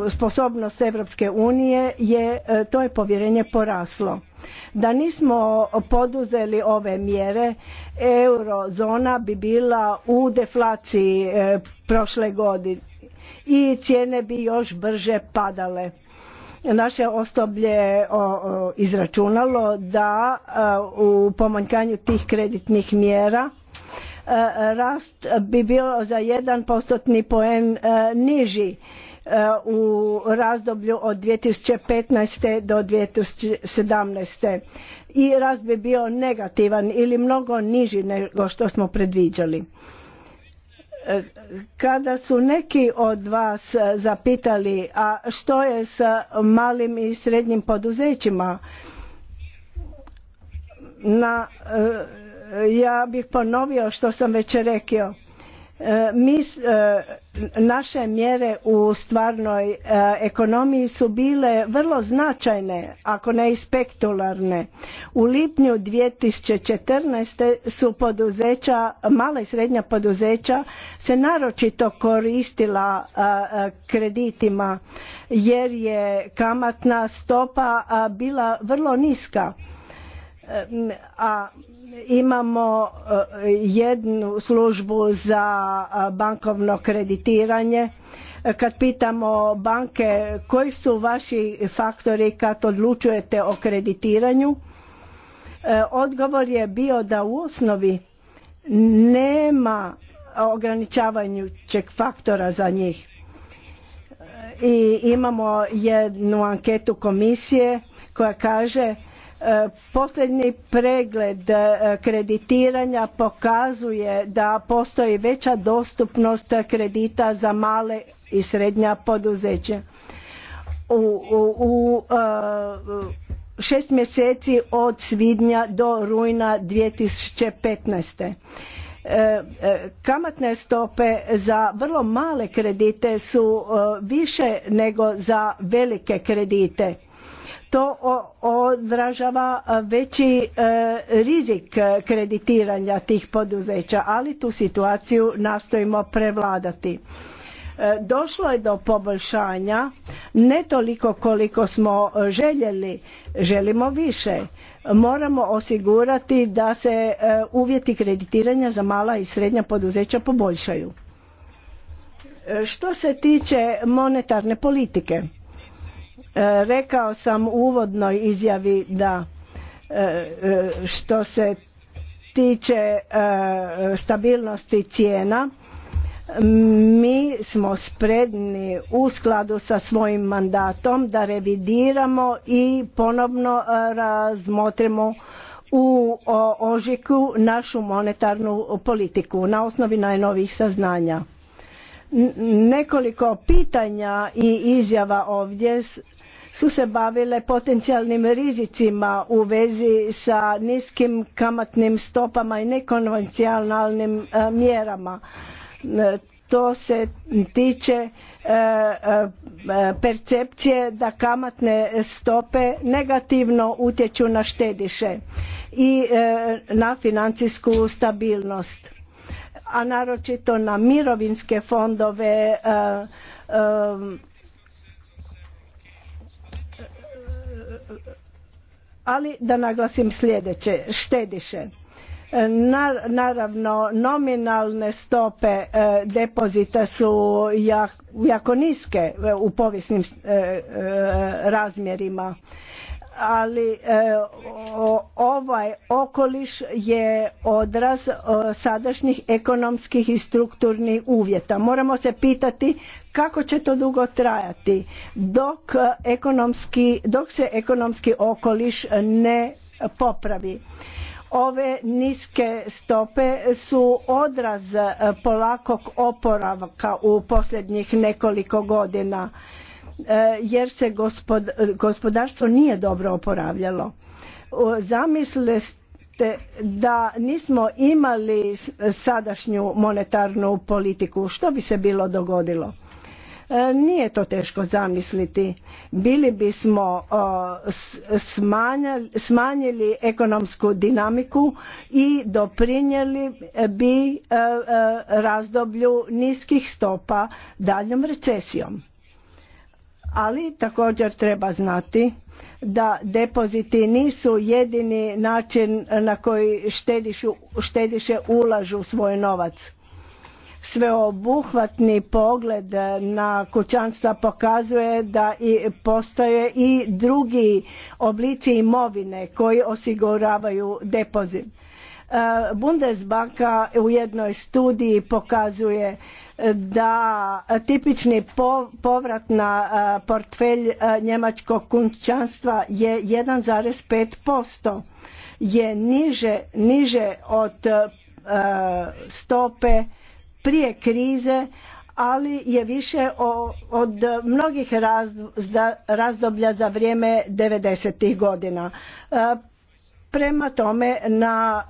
sposobnost Europske unije je to je povjerenje poraslo da nismo poduzeli ove mjere, eurozona bi bila u deflaciji e, prošle godine i cijene bi još brže padale. Naše osoblje izračunalo da e, u pomanjkanju tih kreditnih mjera e, rast bi bio za jedan postotni poen niži Eh, u razdoblju od 2015. do 2017. i rast bi bio negativan ili mnogo niži nego što smo predviđali. Eh, kada su neki od vas zapitali a što je sa malim i srednjim poduzećima na eh, ja bih ponovio što sam već rekao E, mi, e, naše mjere u stvarnoj e, ekonomiji su bile vrlo značajne, ako ne i spektularne. U lipnju 2014. su poduzeća, mala i srednja poduzeća se naročito koristila kreditima jer je kamatna stopa bila vrlo niska. A imamo eh, jednu službu za eh, bankovno kreditiranje kad pitamo banke koji su vaši faktori kad odlučujete o kreditiranju eh, odgovor je bio da u osnovi nema ograničavajućeg faktora za njih i imamo jednu anketu komisije koja kaže E, posljednji pregled e, kreditiranja pokazuje da postoji veća dostupnost kredita za male i srednja poduzeća. U, e, šest mjeseci od svibnja do rujna 2015. Kamatne stope za vrlo male kredite su više nego za velike kredite to odražava veći e, rizik kreditiranja tih poduzeća, ali tu situaciju nastojimo prevladati. E, došlo je do poboljšanja, ne toliko koliko smo željeli, želimo više. Moramo osigurati da se e, uvjeti kreditiranja za mala i srednja poduzeća poboljšaju. Što se tiče monetarne politike, E, rekao sam u uvodnoj izjavi da e, e, što se tiče stabilnosti cijena mi smo spredni u skladu sa svojim mandatom da revidiramo i ponovno razmotrimo u ožiku našu monetarnu politiku na osnovi najnovih saznanja. Nekoliko pitanja i izjava ovdje su se bavile potencijalnim rizicima u vezi sa niskim kamatnim stopama i nekonvencionalnim e, mjerama. E, to se tiče e, percepcije da kamatne stope negativno utječu na štediše i na financijsku stabilnost, a naročito na mirovinske fondove ali da naglasim sljedeće, štediše. E, naravno, nominalne stope e, depozita su jako niske e, u povijesnim razmjerima ali e, ovaj okoliš je odraz e, sadašnjih ekonomskih i strukturnih uvjeta. Moramo se pitati kako će to dugo trajati dok, e, ekonomski, dok se ekonomski okoliš ne popravi. Ove niske stope su odraz polakog oporavka u posljednjih nekoliko godina E, jer se gospodarstvo nije dobro oporavljalo. ste da nismo imali sadašnju monetarnu politiku, što bi se bilo dogodilo? E, nije to teško zamisliti. Bili bismo smanjili ekonomsku dinamiku i doprinijeli bi e, razdoblju niskih stopa daljom recesijom ali također treba znati da depoziti nisu jedini način na koji štediše ulažu svoj novac. Sveobuhvatni pogled na kućanstva pokazuje da i postoje i drugi oblici imovine koji osiguravaju depozit. E, Bundesbanka u jednoj studiji pokazuje da tipični povrat na e, portfelj e, njemačkog kućanstva je 1,5% je niže, niže od e, stope prije krize ali je više od mnogih razdoblja za vrijeme 90. godina. Prema tome na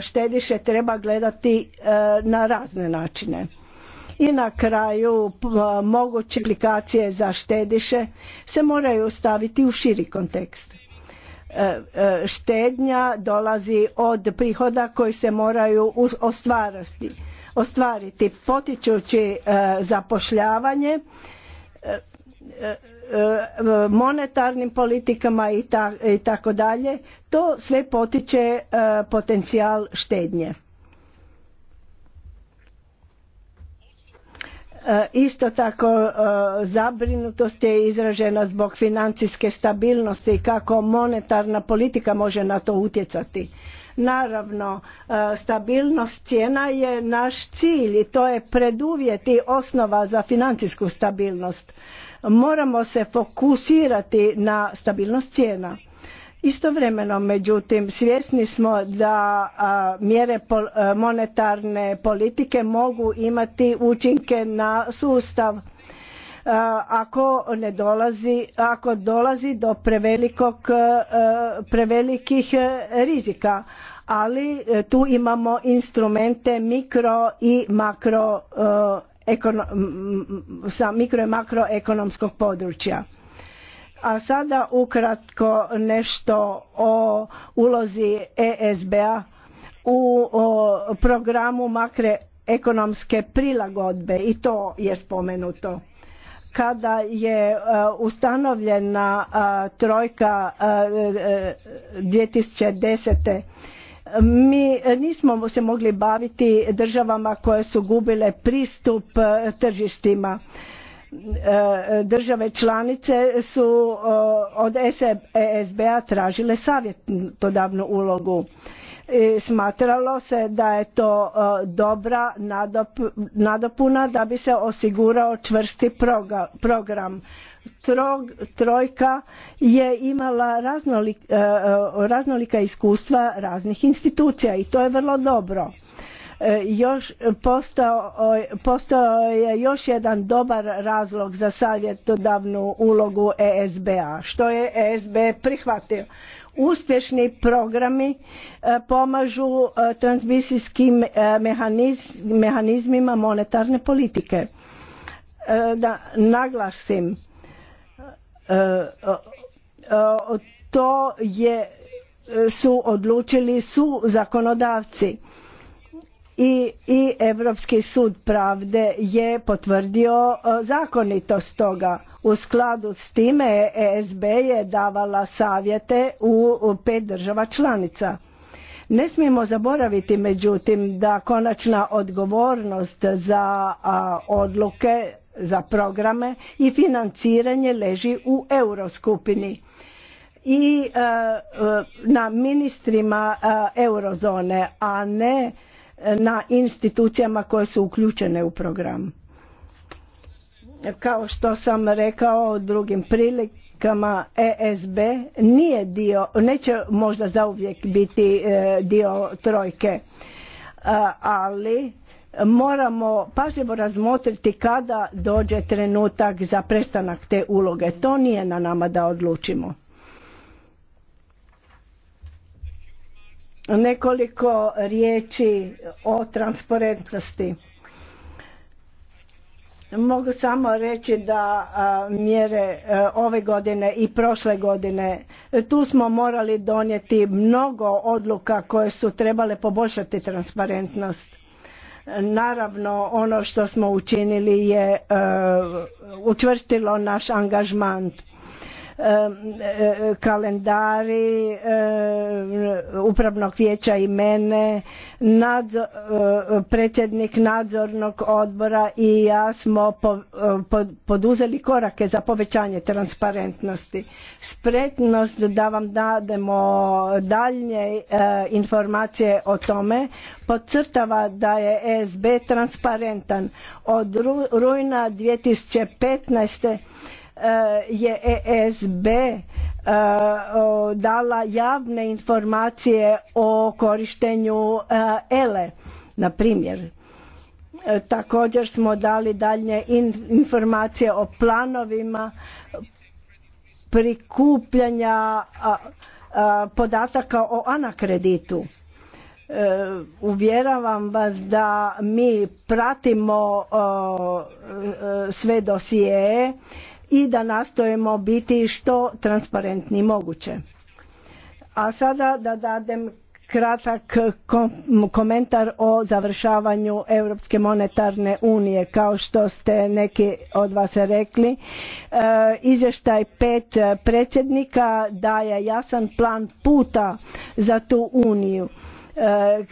štediše treba gledati na razne načine. I na kraju moguće aplikacije za štediše se moraju staviti u širi kontekst. E, e, štednja dolazi od prihoda koji se moraju ostvariti, ostvariti potičući e, zapošljavanje monetarnim politikama i tako dalje to sve potiče potencijal štednje E, isto tako e, zabrinutost je izražena zbog financijske stabilnosti i kako monetarna politika može na to utjecati. Naravno, e, stabilnost cijena je naš cilj i to je preduvjet i osnova za financijsku stabilnost. Moramo se fokusirati na stabilnost cijena Istovremeno, međutim, svjesni smo da mjere monetarne politike mogu imati učinke na sustav ako ne dolazi, ako dolazi do prevelikog, prevelikih rizika, ali e, tu imamo instrumente mikro i makro e, sa mikro i makroekonomskog područja a sada ukratko nešto o ulozi ESB-a u programu makroekonomske prilagodbe i to je spomenuto. Kada je e, ustanovljena e, trojka 2010. E, mi nismo se mogli baviti državama koje su gubile pristup tržištima E, države članice su od esb tražile savjetodavnu ulogu. Smatralo se da je to dobra nadopuna da bi se osigurao čvrsti program. Trojka je imala e, raznolika iskustva raznih institucija i to je vrlo dobro još postao, je još jedan dobar razlog za savjetodavnu ulogu ESBA. što je ESB prihvatio. Uspješni programi e, pomažu e, transmisijskim e, mehanizmima monetarne politike. Da naglasim, to je su odlučili su zakonodavci i, i Europski sud pravde je potvrdio e, zakonitost toga. U skladu s time ESB je davala savjete u, pet država članica. Ne smijemo zaboraviti međutim da konačna odgovornost za odluke, za programe i financiranje leži u euroskupini i e, e, na ministrima eurozone, a ne na institucijama koje su uključene u program. Kao što sam rekao drugim prilikama, ESB nije dio, neće možda zauvijek biti e, dio trojke, e, ali moramo pažljivo razmotriti kada dođe trenutak za prestanak te uloge. To nije na nama da odlučimo. Nekoliko riječi o transparentnosti. Mogu samo reći da mjere ove godine i prošle godine tu smo morali donijeti mnogo odluka koje su trebale poboljšati transparentnost. Naravno ono što smo učinili je učvrstilo naš angažman E, e, kalendari e, upravnog vijeća i mene predsjednik nadzornog odbora i ja smo poduzeli korake za povećanje transparentnosti spretnost da vam dademo daljnje informacije o tome podcrtava da je ESB transparentan od rujna 2015 je ESB e, dala javne informacije o korištenju ELE, e, na primjer. E, također smo dali dalje informacije o planovima prikupljanja podataka o anakreditu. Uvjeravam vas da mi pratimo sve dosije i da nastojimo biti što transparentniji moguće. A sada da dadem kratak komentar o završavanju Europske monetarne unije. Kao što ste neki od vas rekli, e, izvještaj pet predsjednika daje jasan plan puta za tu uniju E,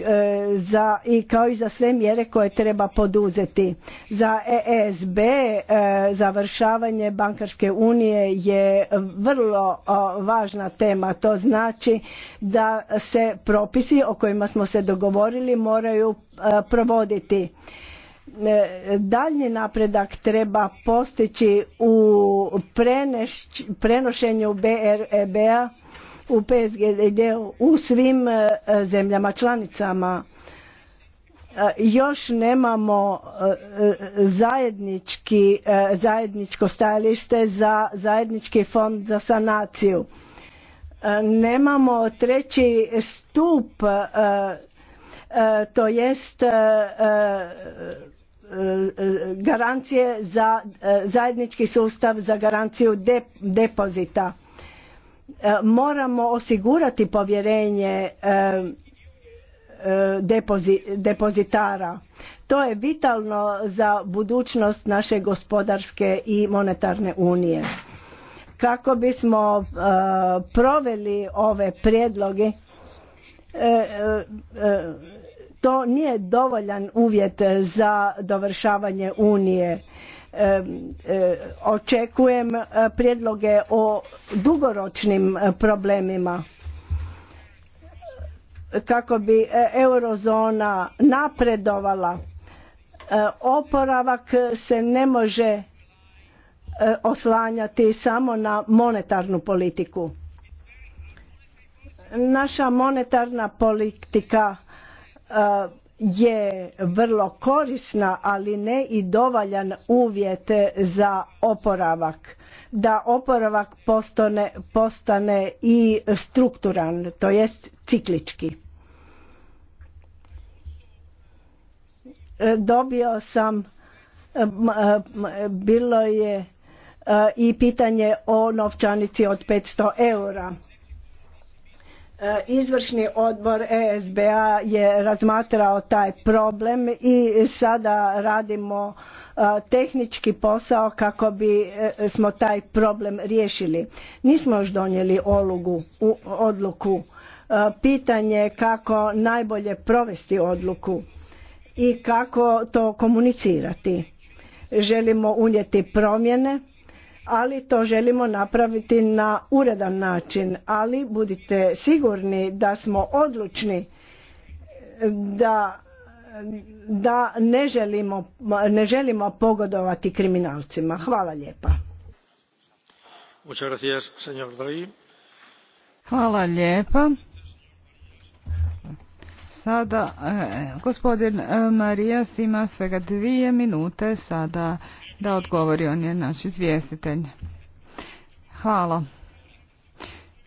e, i kao i za sve mjere koje treba poduzeti. Za ESB e, završavanje bankarske unije je vrlo važna tema. To znači da se propisi o kojima smo se dogovorili moraju provoditi daljnji napredak treba postići u prenošenju BREB-a u psgd u svim e, zemljama članicama e, još nemamo e, zajednički, zajedničko stajalište za zajednički fond za sanaciju. Nemamo treći stup, to jest garancije za zajednički sustav za garanciju depozita E, moramo osigurati povjerenje e, e, depozitara. To je vitalno za budućnost naše gospodarske i monetarne unije. Kako bismo proveli ove prijedloge, to nije dovoljan uvjet za dovršavanje unije Eh, očekujem eh, prijedloge o dugoročnim eh, problemima kako bi eurozona napredovala oporavak se ne može oslanjati samo na monetarnu politiku naša monetarna politika je vrlo korisna, ali ne i dovoljan uvjet za oporavak. Da oporavak postane, postane i strukturan, to jest ciklički. Dobio sam, bilo je e, i pitanje o novčanici od 500 eura E, izvršni odbor ESBA je razmatrao taj problem i sada radimo e, tehnički posao kako bi e, smo taj problem riješili. Nismo još donijeli olugu, u odluku. Pitanje kako najbolje provesti odluku i kako to komunicirati. Želimo unijeti promjene ali to želimo napraviti na uredan način ali budite sigurni da smo odlučni e, da, da ne, želimo, ne želimo pogodovati kriminalcima hvala lijepa hvala lijepa sada e, gospodin e, Marijas ima svega dvije minute sada da odgovori. On je naš izvjestitelj. Hvala.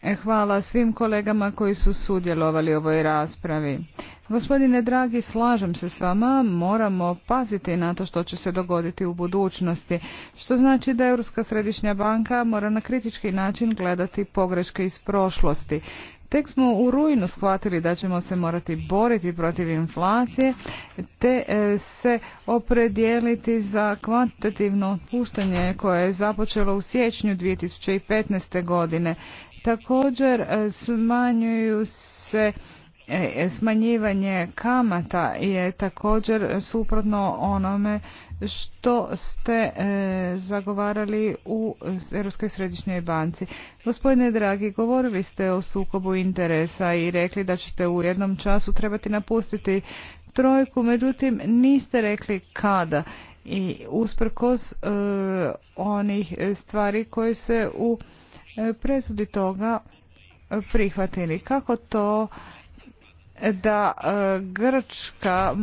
E, hvala svim kolegama koji su sudjelovali u ovoj raspravi. Gospodine dragi, slažem se s vama, moramo paziti na to što će se dogoditi u budućnosti, što znači da Europska središnja banka mora na kritički način gledati pogreške iz prošlosti. Tek smo u rujnu shvatili da ćemo se morati boriti protiv inflacije te e, se opredijeliti za kvantitativno otpuštanje koje je započelo u siječnju 2015. godine. Također e, smanjuju se E, smanjivanje kamata je također suprotno onome što ste e, zagovarali u Europskoj središnjoj banci. Gospodine Dragi, govorili ste o sukobu interesa i rekli da ćete u jednom času trebati napustiti trojku, međutim niste rekli kada i usprkos e, onih stvari koje se u presudi toga prihvatili. Kako to da e, Grčka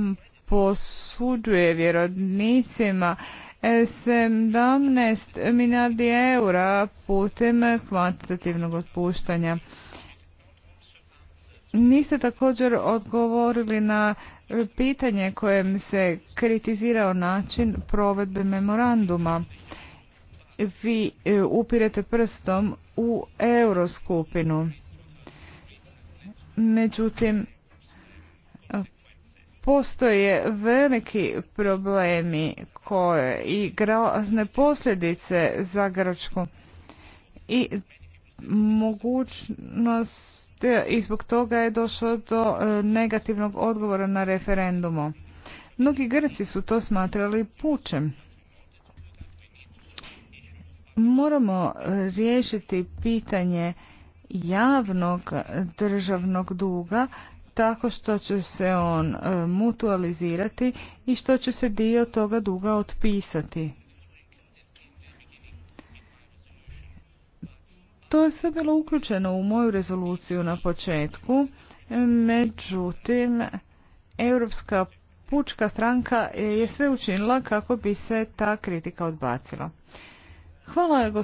posuđuje vjerodnicima 17 e, milijardi eura putem kvantitativnog otpuštanja. Niste također odgovorili na pitanje kojem se kritizirao način provedbe memoranduma. Vi e, upirete prstom u euroskupinu. Međutim, postoje veliki problemi koje i grazne posljedice za Grčku i mogućnost i zbog toga je došlo do e, negativnog odgovora na referendumu. Mnogi Grci su to smatrali pučem. Moramo riješiti pitanje javnog državnog duga tako što će se on e, mutualizirati i što će se dio toga duga otpisati. To je sve bilo uključeno u moju rezoluciju na početku, međutim, Europska pučka stranka je sve učinila kako bi se ta kritika odbacila. Hvala